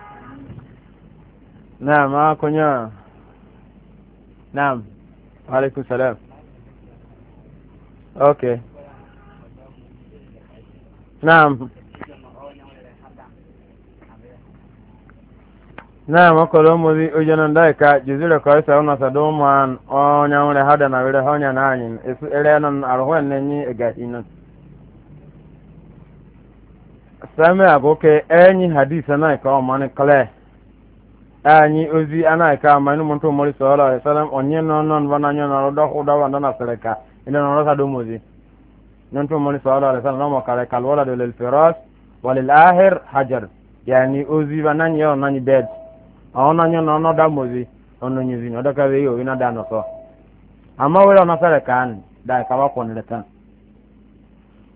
na'am a kunya na'am alaikum salam okay na'am na'am ọkọlọ mụzi oje na ndị ka jizire ka ịsa ụna sadọ ụmụ onye nwere ha na were ha onye na anyị esu ere nọ arụhụ enenyi ịga inu sɛm a bokɛ ɛnyi hadis anaka ɔman klɛ ɛnyi ozi anaka ama ne mɔntɔ mɔri sɔɔla ɔyɛ sɛlɛm ɔnyɛ nɔnɔn bana nyɛ nɔnɔn dɔkɔ dɔwɔ ndɔn asɛrɛka ɛnɛ nɔnɔn sa domo zi mɔntɔ mɔri sɔɔla ɔyɛ sɛlɛm nɔmɔ kare kalu wala de lel feroz wale lahir hajar yanni ozi bana nyɛ ɔnan yi bɛd ɔnan nyɛ nɔnɔn da mo zi ɔnɔ nyɛ zi ɔdɔkɛ bɛ yi o yina da nɔsɔ ama wɛrɛ ɔnɔ sɛrɛka ani da yi kaba kɔn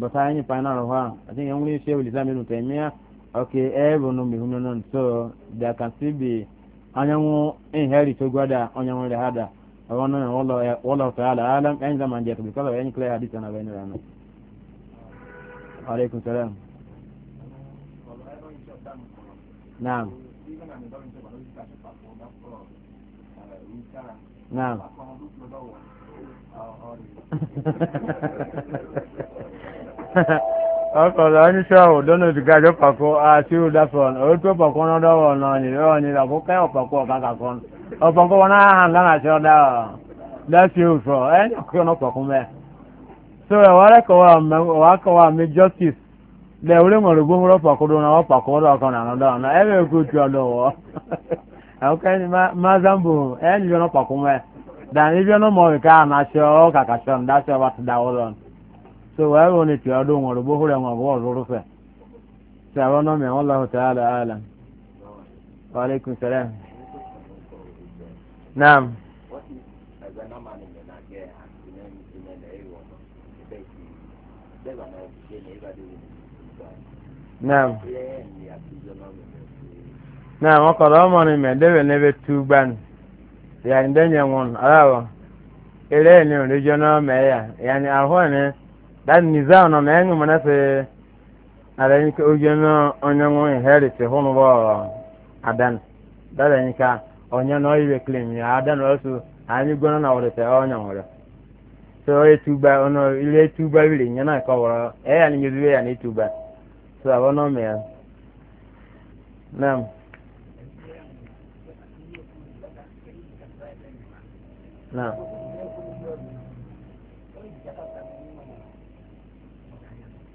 bata anyị pana rọ ha i think only share with islam ibn taymiya okay everyone no mihunu no so there can still be anyanwụ inherit ogwada anyanwụ ile hada ọwọ nọ n'ụlọ ụlọ ta'ala alam ẹni zama njẹ to because of any clear hadith na bẹni rana alaikum salam naam naam ọkọlọ oníṣẹ òdọnà òdìgájọ pàkó àti òdàfọn òótọ́ pàkó náà dọwọ náà nílẹ ọyìn làkó kẹyọ pàkó ọkàkà kan ọpọkọ wọn náà hàn lánàá tí ọdá ọ láti òfò ẹni ọkọ náà pàkó mẹ. so ẹwà akọwà mi justice lẹ orí mọ̀rọ̀ gbóhùrọ̀ pàkó dọ̀ náà wọ́n pàkó ọdọ̀ ọkọ náà dọ̀ náà ẹ bẹ̀rẹ̀ kó tu ọdọ̀ wọ́ àwọn kẹ́ni mazambo ẹni bí wọn pàkó mẹ dàn ibi wọn mọ̀ wíkà àná so wa ro ni ti ado won ro bo hore won bo ro ro fe ta wa no me wallahu ta'ala alam wa alaikum salam naam naam naam ọkọlọ ọmọ ni mẹdẹbẹ nẹbẹ tu gbani yà ń dẹnyẹ wọn aláwọ eré ẹni òrìjọ náà mẹyà yà ni àhọ dan niza no na enyu mana se ala ni ko je no onyo ngo inherit hono ba adan dada ni ka onyo no ibe claim ya adan also ani gona na wore se onyo ngore so e tuba ono ile tuba bile nyana ka wora e ya ni nyuwe ya ni tuba so abono me nam nam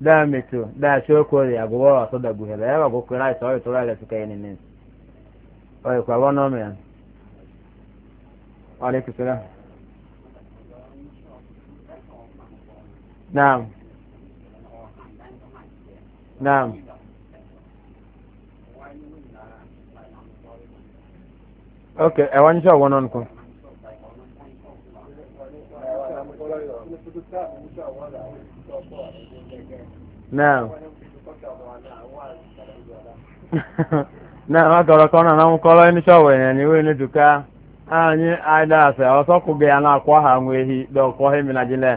da metu da shokori agogo wa so da guhela ya go kira so yo tora le suka yin nin oy kwa wono me alaikum salam naam naam Ok, e wan sha wonon ko Thank you. naam naam akọrọ kọ na na nkọrọ ni shọwụ ya ni wee neduka anyị aida ase ọsọkụ bịa na-akwọ ha nwe ehi dọkọ ha emina jile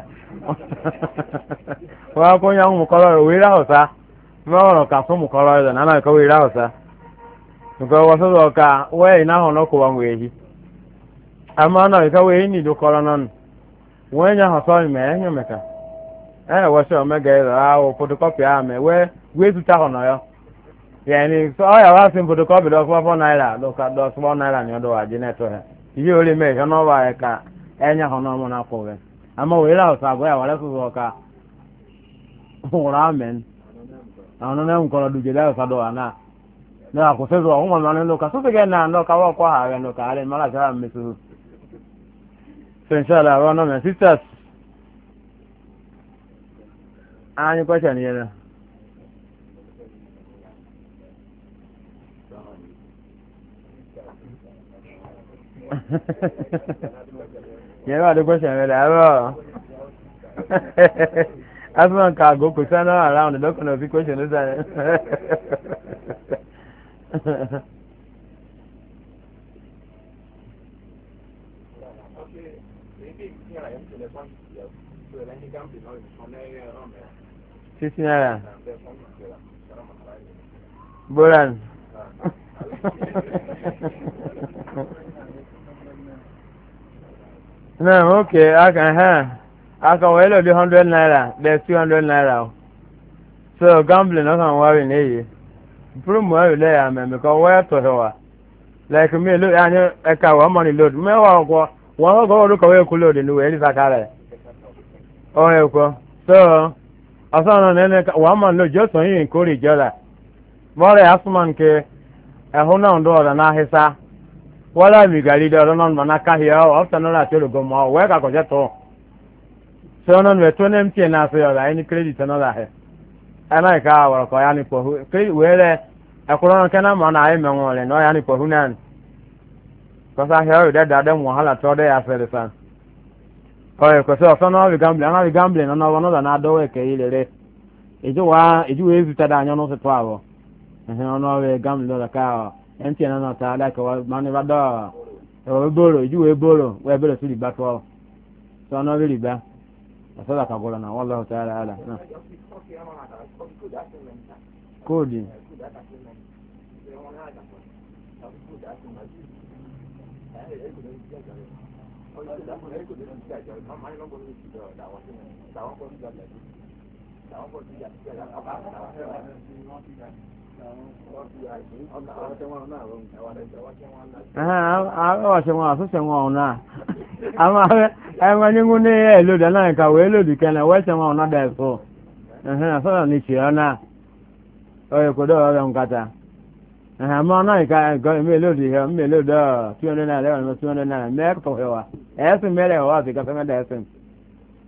wee akwụ onye ahụ mụkọrọ ya were ahụsa mgbe ọrụ ka sụ mụkọrọ ya na anaghịkọ were ahụsa nke ọwọsọ dọ ọka wee ị na ahụ n'ọkụwa nwe ehi ama ọ nọghịkọ wee ị na-edokọrọ nọ nụ wee ahụ ahụsọ ime ya nye meka ee wọchị omega ịzụ ahụ fotokọpị ahụ mee ya ọ photocopy dọ̀ náírà dọ̀ náírà ni ọ àjẹ́ náà tó yẹ iye orí mi ìṣẹ́ náà wà ẹ̀ ká ẹ̀yìn àwọn ọmọ náà kọ̀ rẹ̀ àmọ́ òye rà ọ̀sán ọ̀nà náà náà ní àkóso ní lóka náà wọ́ọ̀kọ́ mọ́lá Any question here? yẹn wà ló question rẹ làárọ̀ asman kò sá náà lọ́kàn náà fi question ló sá yẹn. Okay, maybe you can have to the point. So, then you can't be sixty naira boran naam okay aka I can wait for di hundred naira there's two hundred naira so gambling no kan worry na eyi promo ayo le ya mẹ mẹkọ wẹ tọ hẹ wa like mi lo anyi ẹka wa money load mẹwa ọkọ wọn ọgọ ọdún kọwé kú load ni wẹ ní sakara ẹ ọ ẹ kọ so. asana nene wa man lo joso yin kori jala more asman ke ehuna ndo da na hisa wala mi gali da na mana ka hiya o afta no la telo go ma we ka ko jeto so na we to nem na so ya ni credit la he ana ka wa ko ya ni po hu credit we le ma na ai me ngole no ya ni po hu nan ko sa o da da hala to da ya fere san oye kwesị ọsọ na ọrị gamblin anaghị gamblin na ọwa n'ụzọ na-adọwa eke ilere iji wee zutada anya n'ụsị tụ abụọ ihe ọnụ ọrị gamblin ọzọ ka ntị na nọta alaka mana ịba dọọ ewe boro iji wee boro wee bere si riba tụọ sọ ọnụ ọbịa riba ọsọ da kagwara na wọlọ ọta ala ala koodi Thank you. àwọn ṣe wọn àtúnṣe wọn ọ̀nà àwọn ẹ̀wọ̀n nínú ní èlòdì náà ìkàwé èlòdì kẹlẹ̀ wọ́n ṣe wọn ọ̀nà dẹ̀ fún ẹ̀hìn sọ́dọ̀ ní ṣe ọ̀nà ọ̀yẹ̀ kò dọ̀rọ̀ rẹ̀ ń kata ẹ̀hìn àmọ́ náà ìkà ẹ̀gọ́ ìmú èlòdì ẹ̀ ń èlòdì ọ̀ 200 naira 200 naira mẹ́ẹ̀kọ́ ẹ̀wà. ẹ̀sìn mẹ́rẹ̀ ọ̀wá ase kasa ẹ̀sìn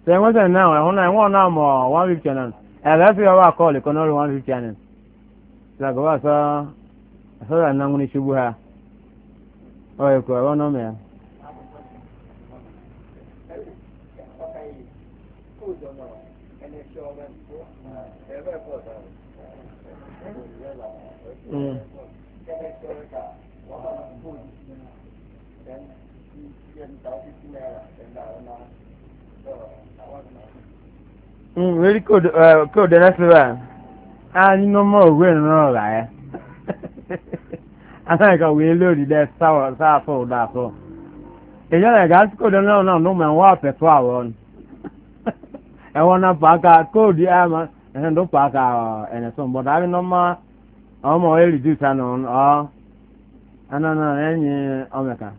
ṣe wọ́n sẹ̀ náà ẹ̀hún náà ẹ̀wọ̀n náà mọ̀ one fifty náà ẹ̀rẹ́ fi ọwọ́ àkọọ́lì kan náà ló one fifty náà ṣàgbọ́wọ́ sọ sọ́dà na ní ṣubú ha ọ̀ ẹ̀kọ́ ẹ̀wọ́n náà mẹ́rin. Mm. weri kóòdù ẹlẹ́sìrẹ́ a nínú ọmọ òwe ìrànlọ́ ọ̀la ẹ̀ anáyẹ̀kọ̀ wèé lórí dẹ́ sáfọ̀ ọ̀dàfọ̀ èyí ọ̀la ẹ̀ka tí kóòdù ẹlẹ́wọ̀n náà ló mọ̀ ẹ̀wọ́ àpẹ̀tọ́ àwọ̀ ni ẹ̀wọ́n náà pàákà kóòdù ẹ̀ máa ẹ̀hìn ló pàákà ẹ̀nẹ̀ sọ̀n bọ̀dà àbí nọ́mọ ọmọ ẹ̀rì dùtà nù ọ́ ẹ̀nà náà ẹ̀yìn ọmọ ẹ̀ka.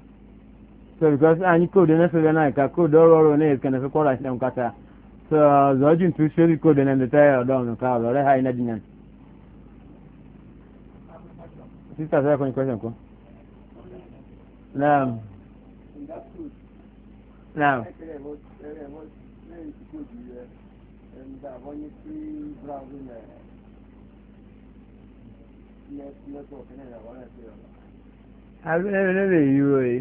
so because anyị koodu na-efere na ka koodu ọrụ ọrụ na-eke na efekwara ihe nkata so zọji ntu seri koodu na ndeta ya ọdọ ọnụ ka ọrụ ha ina dị nyan sista sọ ekwenye kwesịrị nkwu naam naam Abẹ́rẹ́ lè yúro yìí.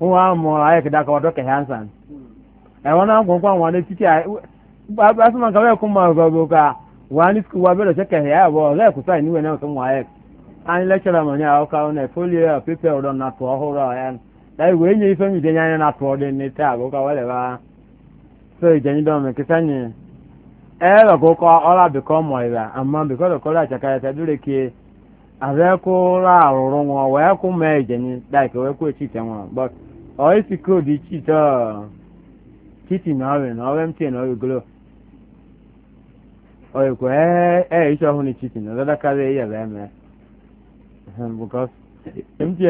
nwa mụrụ anyị kedu aka wadọ kehe ansan ẹwọn náà gbọngbọn àwọn ní títí asọmọ nǹkan bẹẹ mọ ká ní wa bẹẹ lọsẹ kẹhẹ ẹ bọ ọlẹ kùsà ìníwẹ náà tó mọ ayẹ anyị lẹkṣọrọ mọ ní fọlì ẹ pépè ọdọ ọhụrụ ẹ nye mi dẹnyẹ ọdẹ ní tẹ wọlé wa ìjẹni ẹ azekụla arụrụ nwa wee kwụ mee ijenye like wee kwụ echite nwa but oisi koodu chite chiti na ọrịa na ọrịa mt na ọrịa ogolo oyikwa ee isi ọhụrụ chiti na karịa ihe ebe eme because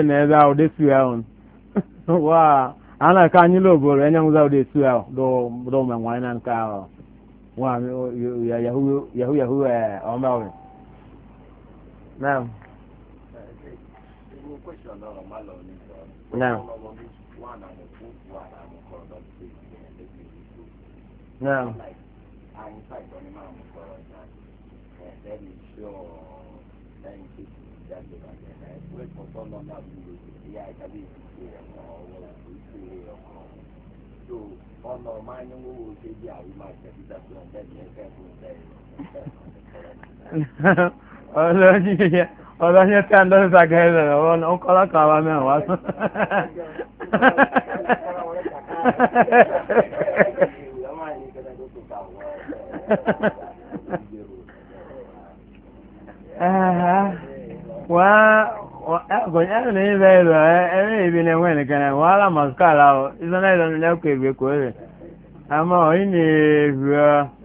na ebe ahụ desu ahụ wa a anyị enye nwụza ụdị esu ahụ ụmụ na nke ahụ nwa yahu yahu ọrịa Naam. Naam. Naam. So, ọlọ́yẹ tí a ń lọ́sí sàkẹ́rẹ́ rẹ̀ ọ̀rọ̀ náà ó kọ́lá kan ara mẹ́rin wá sùn. ní ní láwọ̀ rẹ̀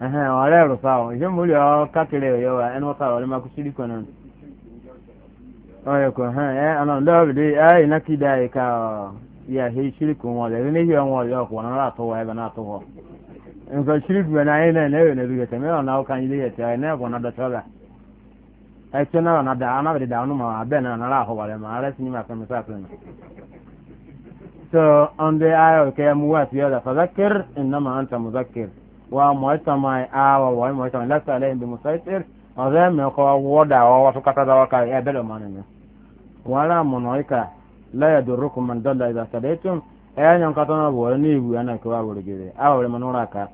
ẹhẹn ọrẹ rò fa ọ ìṣe múlẹ ọ kákiri wa ẹni wọn fa ọrẹ máa kú sílí kan náà ọyọ kò hàn ẹ ọ̀nà ọ̀dọ́ọ̀bìdì ẹ iná kí da ìka ọ yà hẹ sílí kan wọn lẹ́yìn ní ìyẹn wọn ọ̀yọ́ ọ̀kọ̀ náà àtọ́ wọ ẹbẹ̀ náà àtọ́ wọ. nǹkan na kan náà ayé náà ẹ̀ lẹ́yìn na yẹtẹ̀ mẹ́wàá náà na yìí yẹtẹ̀ ẹ̀ náà ẹ̀kọ́ náà dọ̀tọ́ la da anábìdì da ọ̀nùmọ̀ so wa mu'tama awa wa mu'tama lasa alayhim bi musaitir azama ko woda wa wa sukata da waka ya belo manene wala munaika la yadurrukum man dalla idha sadaytum ayan ka tana bo ni ibu ana ko wa gere awre manura ka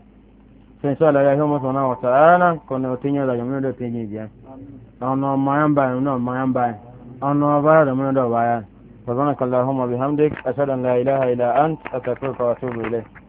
wa ta'ala kono tinya da yomo do tinya je ono mayamba ono mayamba ono ba da mun do baya سبحانك اللهم وبحمدك